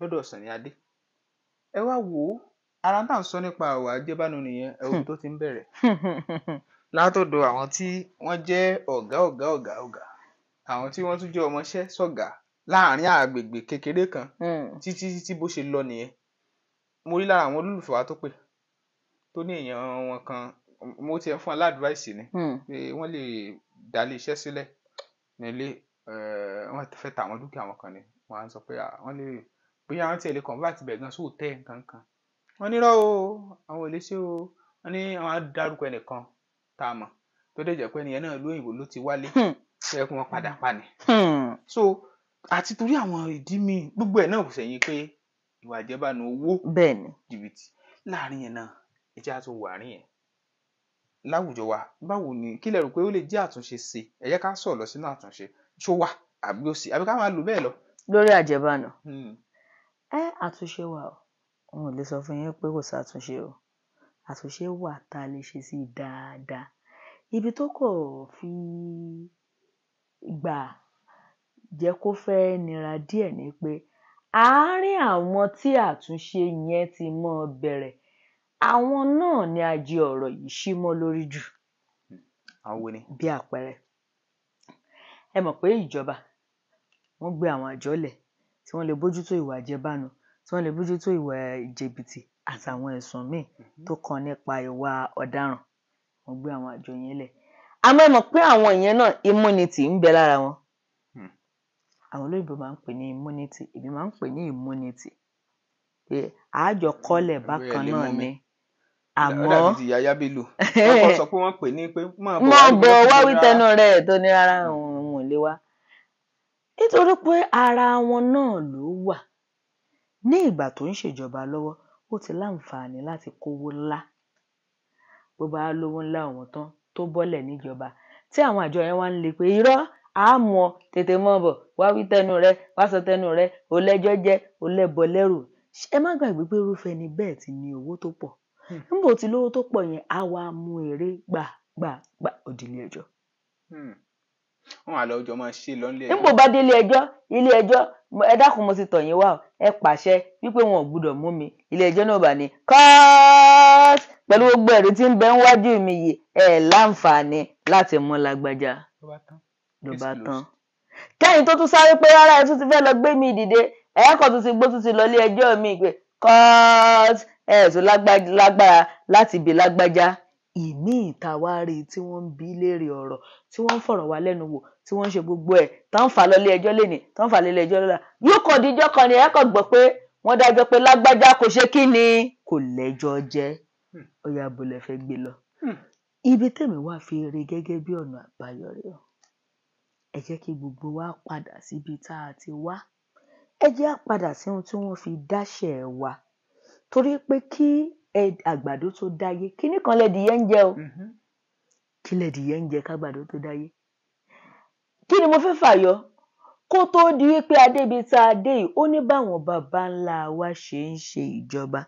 lọ́dọ̀ Sunny Adé ẹ wá wò ó ara tá sọ nípa àwọ̀ ajébánu nìyẹn ẹ̀rù hmm. tó ti ń bẹ̀rẹ̀ <laughs> látọ̀dọ̀ àwọn tí wọ́n jẹ́ ọ̀gá ọ̀gá ọ̀gá ọ̀gá àwọn tí wọ́n tún jẹ́ ọmọọṣẹ́ sọ̀gá láàrin àgbègbè kékeré kan hmm. títí títí bó ṣe lọ nìyẹn mo rí lára àwọn olólùfẹ́ wa tó pè tó ní èèyàn wọn kan mo ti fún wọn ládùúváìsì ni hmm. pé wọ́n lè dá ilé iṣẹ́ sílẹ̀ nílé wọ́n fẹ́ ta àwọn dúkìá wọn kan ni wọ́n á sọ pé wọ́n lè bóyá wọ́n tiẹ̀ lè convert bẹ̀ gan sóò tẹ́ nǹkan kan wọ́n nírọ́ o àwọn ò lè o wọ́n ní àwọn á dárúkọ ẹnìkan tá a mọ̀ tó dẹ̀ jẹ́ pé ẹnìyẹn náà lóyìnbó ló ti wálé. Hmm ṣe kí wọ́n padà hmm. pa hmm. so àti torí àwọn ìdí mi gbogbo ẹ̀ náà kò sẹ̀yìn pé ìwà ìjẹ́bánu owó jìbìtì láàrin yẹn náà ẹ jẹ́ àti wò àárín yẹn láwùjọ wa báwo ni kí lẹ rò pé ó lè jẹ́ àtúnṣe ṣe ẹ jẹ́ ká sọ̀rọ̀ lọ sínú àtúnṣe ṣó wà àbí ó sì àbí ká máa lò bẹ́ẹ̀ lọ. lórí àjẹbánu hmm. ẹ àtúnṣe wà o òun ò lè sọ fún yín pé kò sàtúnṣe o àtúnṣe wà tá a lè ṣe sí dáadáa ibi tó kọ̀ fi gbà jẹ́ kó fẹ́ nira díẹ̀ ni pé àárín àwọn tí àtúnṣe yẹn ti máa bẹ̀rẹ̀ àwọn náà ni ajé ọ̀rọ̀ yìí ṣí mọ́ lórí jù. àwọn ni. bí àpẹẹrẹ ẹ mọ̀ pé ìjọba wọ́n gbé àwọn àjọ lẹ̀ tí wọ́n lè bójútó ìwà àjẹbánu tí wọ́n lè bójútó ìwà jìbìtì àtàwọn ẹ̀sùn míì mhm. tó kan nípa ìwà ọ̀daràn wọ́n gbé àwọn àjọ yẹn lẹ̀ a mọ̀ mọ̀ pé àwọn ìyẹn náà immunity ń bẹ lára wọn hmm. àwọn olóyìnbó máa ń pè ní immunity èmi máa ń pè ní immunity pé àjọ kọ́lẹ̀ bákan náà ni àmọ́ máa bọ̀ wá wí tẹnu rẹ̀ tó ní rárá òun ò lè wá nítorí pé ara wọn náà ló wà ní ìgbà tó ń ṣèjọba lọ́wọ́ ó ti láǹfààní láti kówó ńlá bó bá lówó ńlá òun tán tó bọ́lẹ̀ níjọba tí àwọn àjọ yẹn wá ń le pé irọ́ àmọ́ ọ tètè mọ́ bọ̀ wá wí tẹnu rẹ wá sọ tẹnu rẹ ò lẹ́jọ́ jẹ́ ò lẹ́bọ lẹ́rù ẹ má gbàgbé pé irúfẹ́ ni bẹ́ẹ̀ ti ní owó tó pọ̀ hmm. níbo tí lówó tó pọ̀ yẹn á wá mú èrè gbà gbà gbà òdìlé ẹjọ́. Hmm. wọn àlọ ọjọ máa ṣe lọ nílé ẹjọ́. níbo bá délé ẹjọ́ ilé ẹjọ́ ẹ dákun mo ti tọ̀ wá ẹ pàṣẹ wípé wọn ò gbúdọ̀ mú mi ilé ẹjọ́ náà bá ní kọ́ọ́t pẹ̀lú gbogbo ẹ̀rí tí ń bẹ níwájú mi yìí ẹ láǹfààní láti mú lágbájá ló bá tán kẹ́yìn tó tún sáré pé rárá ẹ tún ti fẹ́ lọ gbé mi dìde ẹ̀ẹ́kọ̀ tún ti gbó tún ti lọ ilé ẹjọ́ mi pé court ẹ̀ tún lágbára láti bí lágbájá ìní ìtawárí tí wọ́n ń bí léèrè ọ̀rọ̀ tí wọ́n ń fọ̀rọ̀ wá lẹ́nu wò tí wọ́n ń ṣe gbogbo ẹ̀ tó ń fà lọ ilé ẹjọ́ lẹ́nìí tó ń fà lọ ilé ẹjọ́ lọ́la yóò kàn díjọ́ kan ni ẹ̀ẹ́kọ̀ gbọ́ pé wọ́n dájọ́ pé lágbájá kò ni kò Hmm. ó yá bo lẹ fẹ́ gbé lọ hmm. ibi tèmi wá fi rí gẹ́gẹ́ bí ọ̀nà àbáyọ rẹ̀ o ẹ jẹ́ kí gbogbo wa padà síbi tá a ti wá ẹ jẹ́ á padà sí ohun tí wọ́n fi dáṣẹ̀ wa torí pé kí àgbàdo tó dáyé kíní kan lẹ́dìyẹ ń jẹ o mm-hmm. kí lẹ́dìyẹ ń jẹ kágbàdo tó dáyé kí ni mo fẹ́ fàyọ kó tóó di wípé adébi tá a dé yìí ó ní báwọn baba ńlá wa ṣe ń ṣe ìjọba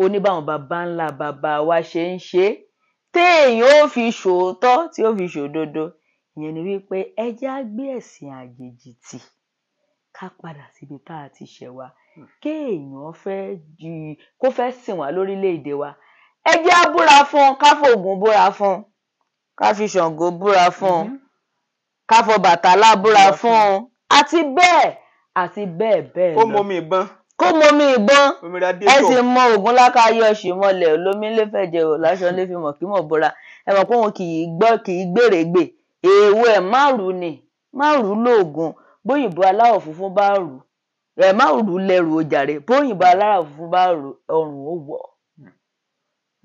ó ní báwọn bàbá ńlá bàbá wa ṣe ń ṣe téèyàn ó fi ṣòótọ́ tí ó fi ṣòdodo ìyẹn ni wípé ẹ jẹ́ á gbé ẹ̀sìn àjèjì tì ká padà síbi tá a ti ṣẹ̀ wá hmm. kéèyàn fẹ́ ju kó fẹ́ sìn wá lórílẹ̀‐èdè wa ẹ jẹ́ á búra fún un ká fògùn búra fún un ká fi ṣàngó búra fún un hmm. ká fọ bàtálá búra fún un àti bẹ́ẹ̀ àti bẹ́ẹ̀ bẹ́ẹ̀ lọ. ó mọ ìbọn kó momi ìbọn ẹ sì mọ ògùn lákàáyé ọ̀sì mọlẹ̀ olómi lẹ́fẹ̀jẹ̀ ò láṣọ lé fi mọ̀ kí mọ̀ bọ́ra ẹ mọ̀ pé òun kì í gbọ́ kì í gbèrè gbè èèwọ̀ ẹ̀ má rù ni má rù lóògùn bóyìnbó aláwọ̀ funfun bá rù ẹ̀ má rù lẹ́rù ojàre bóyìnbó aláwọ̀ funfun bá rù ọrùn ó wọ̀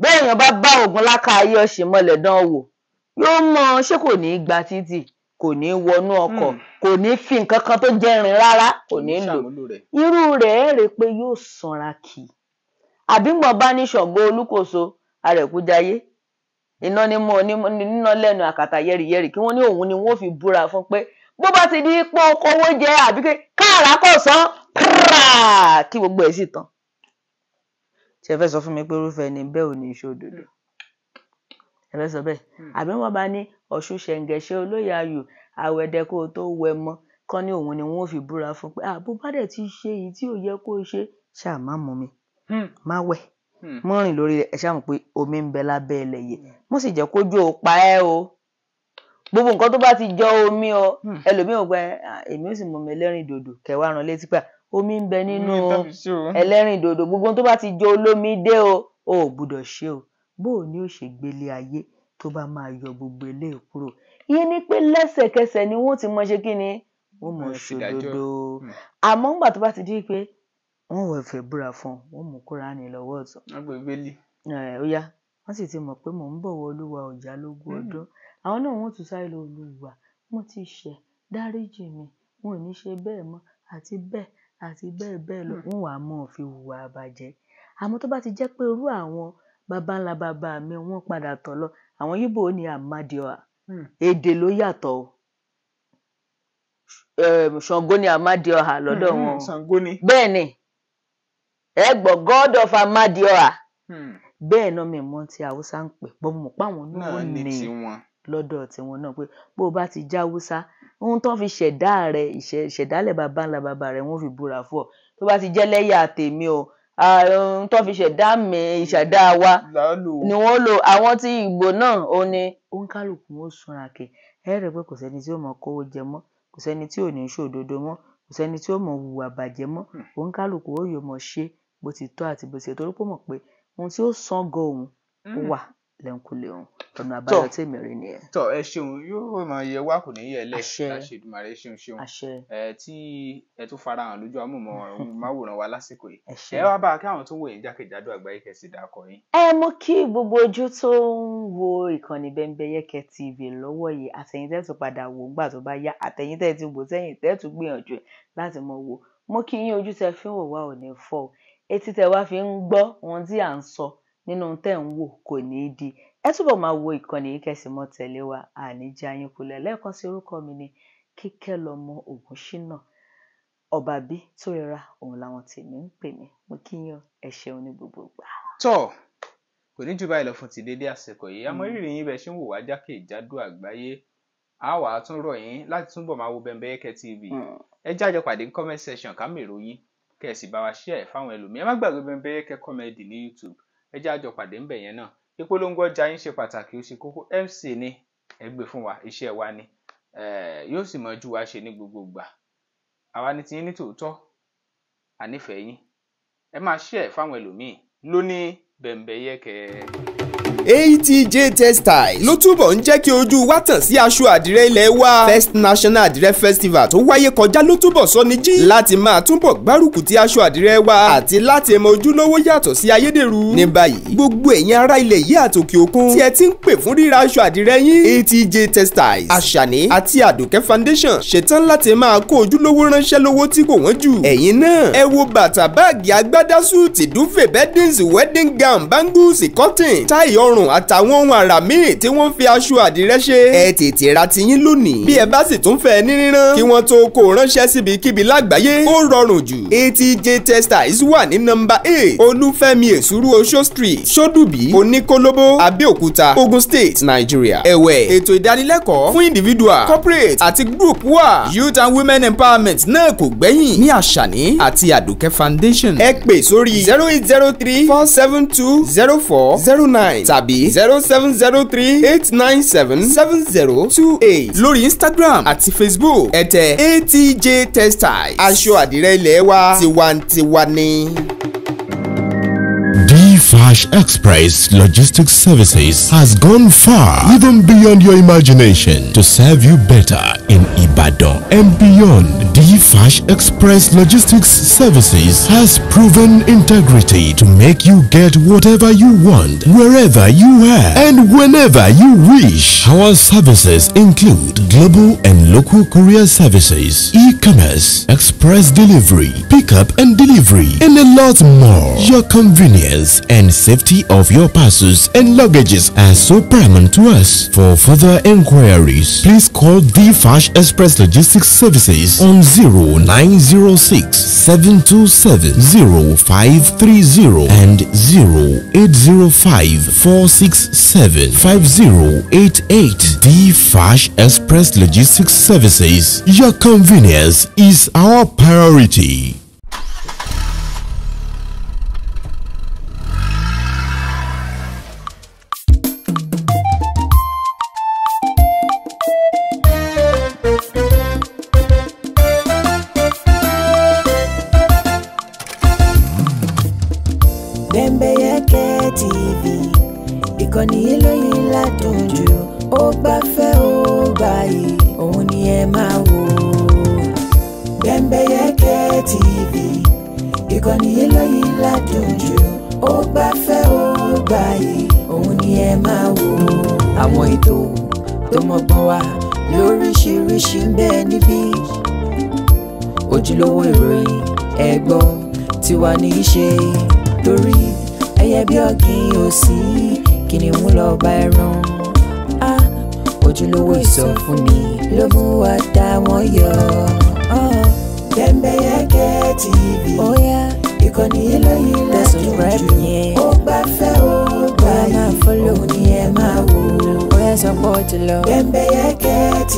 bẹ́ẹ̀ yẹn bá bá ògùn lákàáyé ọ̀sì mọlẹ̀ dán wò yóò mọ ṣé kò ní í gba títì kò ní wọnú ọkọ̀ hmm. kò ní fi nǹkan kan tó jẹ́ irin rárá kò ní lò irú rẹ̀ ẹ̀ rè pé yóò sanra kì í àbímọ bá ní Ṣàngó Olúkòso Arẹ̀kújayé iná ní mọ níná lẹ́nu àkàtà yẹ̀rìyẹ̀rì kí wọ́n ní òun ni wọ́n fi búra fún pé bó bá ti di pé okòwò jẹ àbí pé káàrà kò sán kí gbogbo ẹ̀ sì tán tí fẹ́ sọ fún mi pé irúfẹ́ ni bẹ́ẹ̀ ò ní í ṣòdodo ẹ fẹ́ sọ bẹ́ẹ̀ hmm. àbí wọ́n bá ní ọ̀ṣun ṣẹ̀ǹgẹ̀ṣẹ̀ olóyè ayò àwẹ̀dẹ kó o tó wẹ mọ́ kán ní òun ni wọn ò fi búra fún pé àbó bá dẹ̀ ti ṣe èyí tí ò yẹ kó o ṣe ṣáà má mú mi hmm. má wẹ̀ mọ́ hmm. rìn lórí ẹ ṣáà mọ̀ pé omi ń bẹ lábẹ́ ẹlẹ́yẹ mọ́ sì jẹ́ kójú ò pa ẹ́ o gbogbo nǹkan tó bá ti jọ omi ọ ẹlòmíràn gba èmi ò sì mọ̀ mi ẹlẹ́rìn dòdò kẹwàá rán létí pé omi ń bẹ nínú ẹlẹ́rìn dòdò gbogbo tó bá ti jọ olómi dé o ò gbúdọ̀ ṣe o bóò ni ó ṣe gbélé ayé tó bá máa yọ gbogbo eléyìí kúrò ìyẹn ni pé lẹ́sẹ̀kẹsẹ̀ ni wọ́n ti mọ ṣe kí ni wọ́n mọ ṣòdodo hmm. àmọ́ ńgbà tó bá ti di pé wọ́n wọ ẹ̀fẹ̀ búra fún un wọ́n mú kúránì lọ́wọ́ ọ̀tún. wọ́n gbé bẹ́lí. ó yá wọ́n sì ti mọ̀ pé mò ń bọ̀ wọ olúwa ọ̀já lógún hmm. ọdún àwọn náà wọ́n tún sáré lọ olúwa mo ti ṣẹ̀ dáríjì mi wọn ò ní ṣe bẹ́ẹ̀ mọ́ àti bẹ́ẹ̀ àti bẹ́ẹ̀ bẹ́ẹ̀ lọ hmm. wọn wàá mọ̀ fi hùwà àbàjẹ́ àmọ́ tó bá ti jẹ́ pé irú àwọn bàbá ńlá bàbá mi wọ́n padà tọ̀ lọ àwọn yíbò ní amadioha hmm. èdè ló yàtọ̀ o hmm, hmm, ṣàngó ni amadioha lọ́dọ̀ wọn bẹ́ẹ̀ ni ẹ gbọ́ god of amadioha bẹ́ẹ̀ náà mi mọ̀ ti haúsá ń pè bọ́ mọ̀ páwọn náà ní lọ́dọ̀ tiwọn náà pé bó o bá ti já haúsá ohun tó fi ṣẹ̀dá rẹ̀ ìṣẹ̀dálẹ̀ bàbá ńlá bàbá rẹ̀ wọ́n fi búra fún ọ tó bá ti jẹ́ lẹ́yà tèmi o ohun tó fi ṣẹ̀dá mi ìṣẹ̀dá wa ni wọ́n lò àwọn tí ìgbò náà ó ní òǹkálùkù wọn ó súnra kè ẹ rẹ̀ pé kò sẹ́ni tí ó mọ̀ kówó jẹ mọ́ kò sẹ́ni tí ò ní ṣòdodo mọ́ kò sẹ́ni tí ó mọ̀ hùwà bàjẹ́ mọ́ òǹkálùkù hmm. ó yóò mọ̀ ṣe bó ti tọ́ àti bó ti yẹ torí pé ó mọ̀ pé ohun tí ó sàn gan òun hmm. wà lẹ́ńkulé òun ọ̀nà àbáyọ tí èmi rí nìyẹn. tọ ẹ ṣeun yóò máa yẹ wá kò ní yẹ lẹ láṣẹ Èdùmàrè ṣeun ṣeun ẹ tí ẹ tún farahàn lójú amóhùnmáwòrán wa lásìkò yìí ẹ wá bá a kí àwọn tó ń wò yín jákèjádò àgbáyé kẹsì dàkọ yín. ẹ mú kí gbogbo ojú tó ń wo ìkànnì Bembeyeke TV lọ́wọ́ yìí àtẹ̀yìntẹ́ tó padà wò ńgbà tó bá yá àtẹ̀yìntẹ́ ti nínú ohun tẹ́ ń wò kò ní í di ẹ túbọ̀ máa wo ìkànnì yìí kẹ́sì mọ́ tẹ̀lé wa àníjà yín kulẹ̀ lẹ́ẹ̀kan sí orúkọ mi ni kíkẹ́ lọ́mọ ògúnṣínà ọba bí tó rẹra òun làwọn tèmi ń pè mí mo kí yín ẹ ṣeun ní gbogbo ìgbà. tọ kò ní jù báyìí lọ fún ti dédé àsìkò yìí àmọ́ hmm. rírì yín bẹ́ẹ̀ ṣe ń wò wá jákèjádò àgbáyé a wà á tún rọ̀ yín láti túbọ̀ máa wo Bembeyeke TV hmm. ẹ jájọ pàdé ní comment section ká mèrò yín bá wa share fáwọn ẹlòmíín ẹ má gbàgbé Bembeyeke comedy ní YouTube ẹ jẹ́ àjọ pàdé ńbẹ̀ yẹn náà ìpolongo ọjà yín ṣe pàtàkì ó ṣe kókó mc ni ẹ fún wa iṣẹ́ wa ni yóò sì mọ ju wa ṣe ní gbogbo ìgbà àwa ni tiyín ní tòótọ́ ànífẹ̀ẹ́ yín ẹ máa ṣí ẹ̀ fáwọn ẹlòmíì lóní bẹ̀m̀bẹ̀yẹkẹ̀ẹ́. ATJ Textiles ló túbọ̀ ń jẹ́ kí ojú wa tàn sí aṣọ àdìrẹ ilẹ̀ wa First National Àdìrẹ Festival tó wáyé kọjá ló túbọ̀ sọ ní jí láti máa túbọ̀ gbárùkù ti aṣọ àdìrẹ wa àti láti mọ ojúlówó yàtọ̀ sí ayédèrú ní báyìí gbogbo ẹ̀yin ará ilẹ̀ yìí àtòkè òkun tí ẹ ti ń pè fún ríra aṣọ àdìrẹ yín ATJ Textiles Àṣàní àti Àdùkẹ́ Foundation ṣetán láti máa kó ojúlówó ránṣẹ́ lówó tí kò wọ́n jù ẹ̀yin náà ẹ wo bàtà báàgì agbádásù tìdúfè bẹ́dínsì wedding gown bangles cotton táì ọrùn ọrùn àtàwọn ohun àrà míì tí wọ́n fi aṣọ àdìrẹ́ ṣe. ẹ tètè ra tiyín lónìí. bí ẹ bá sì tún fẹ́ ní rírán kí wọ́n tó kó ránṣẹ́ síbikíbi lágbàáyé ó rọrùn jù. atj textiles wà ní nọ́mbà eight olúfẹ́mi èsúrú oṣó street ṣódùbí oníkólóbó abẹ́òkúta ogun state nigeria. ẹ̀wẹ̀ ètò ìdánilẹ́kọ̀ọ́ fún individual corporate àti group wà youth and women empowerment náà kò gbẹ́yìn ní àṣàní àti àdùkẹ́ foundation. ẹ pè sórí zero eight zero three four seven two zero four zero nine tàbí tàbí zero seven zero three eight nine seven seven zero two eight lórí Instagram àti Facebook ẹ̀tẹ̀ ATJ textiles aṣọ àdìrẹ ilé wa tiwantiwa ni. Flash Express Logistics Services has gone far, even beyond your imagination, to serve you better in Ibadan and beyond. Flash Express Logistics Services has proven integrity to make you get whatever you want, wherever you are, and whenever you wish. Our services include global and local courier services, e-commerce, express delivery, pickup and delivery, and a lot more. Your convenience and safety of your parcels and luggages are so paramount to us. For further inquiries, please call the Fash Express Logistics Services on 0906 727 0530 and 0805 467 5088. The Fash Express Logistics Services. Your convenience is our priority.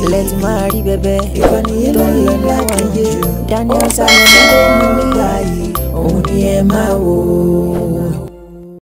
tilẹ̀ ti máa rí bẹ̀bẹ̀ ìkànnì yìí ló ń lọ ní àwáyé Daniel Salmon ló ń mú mi láàyè òun ni ẹ máa wò ó.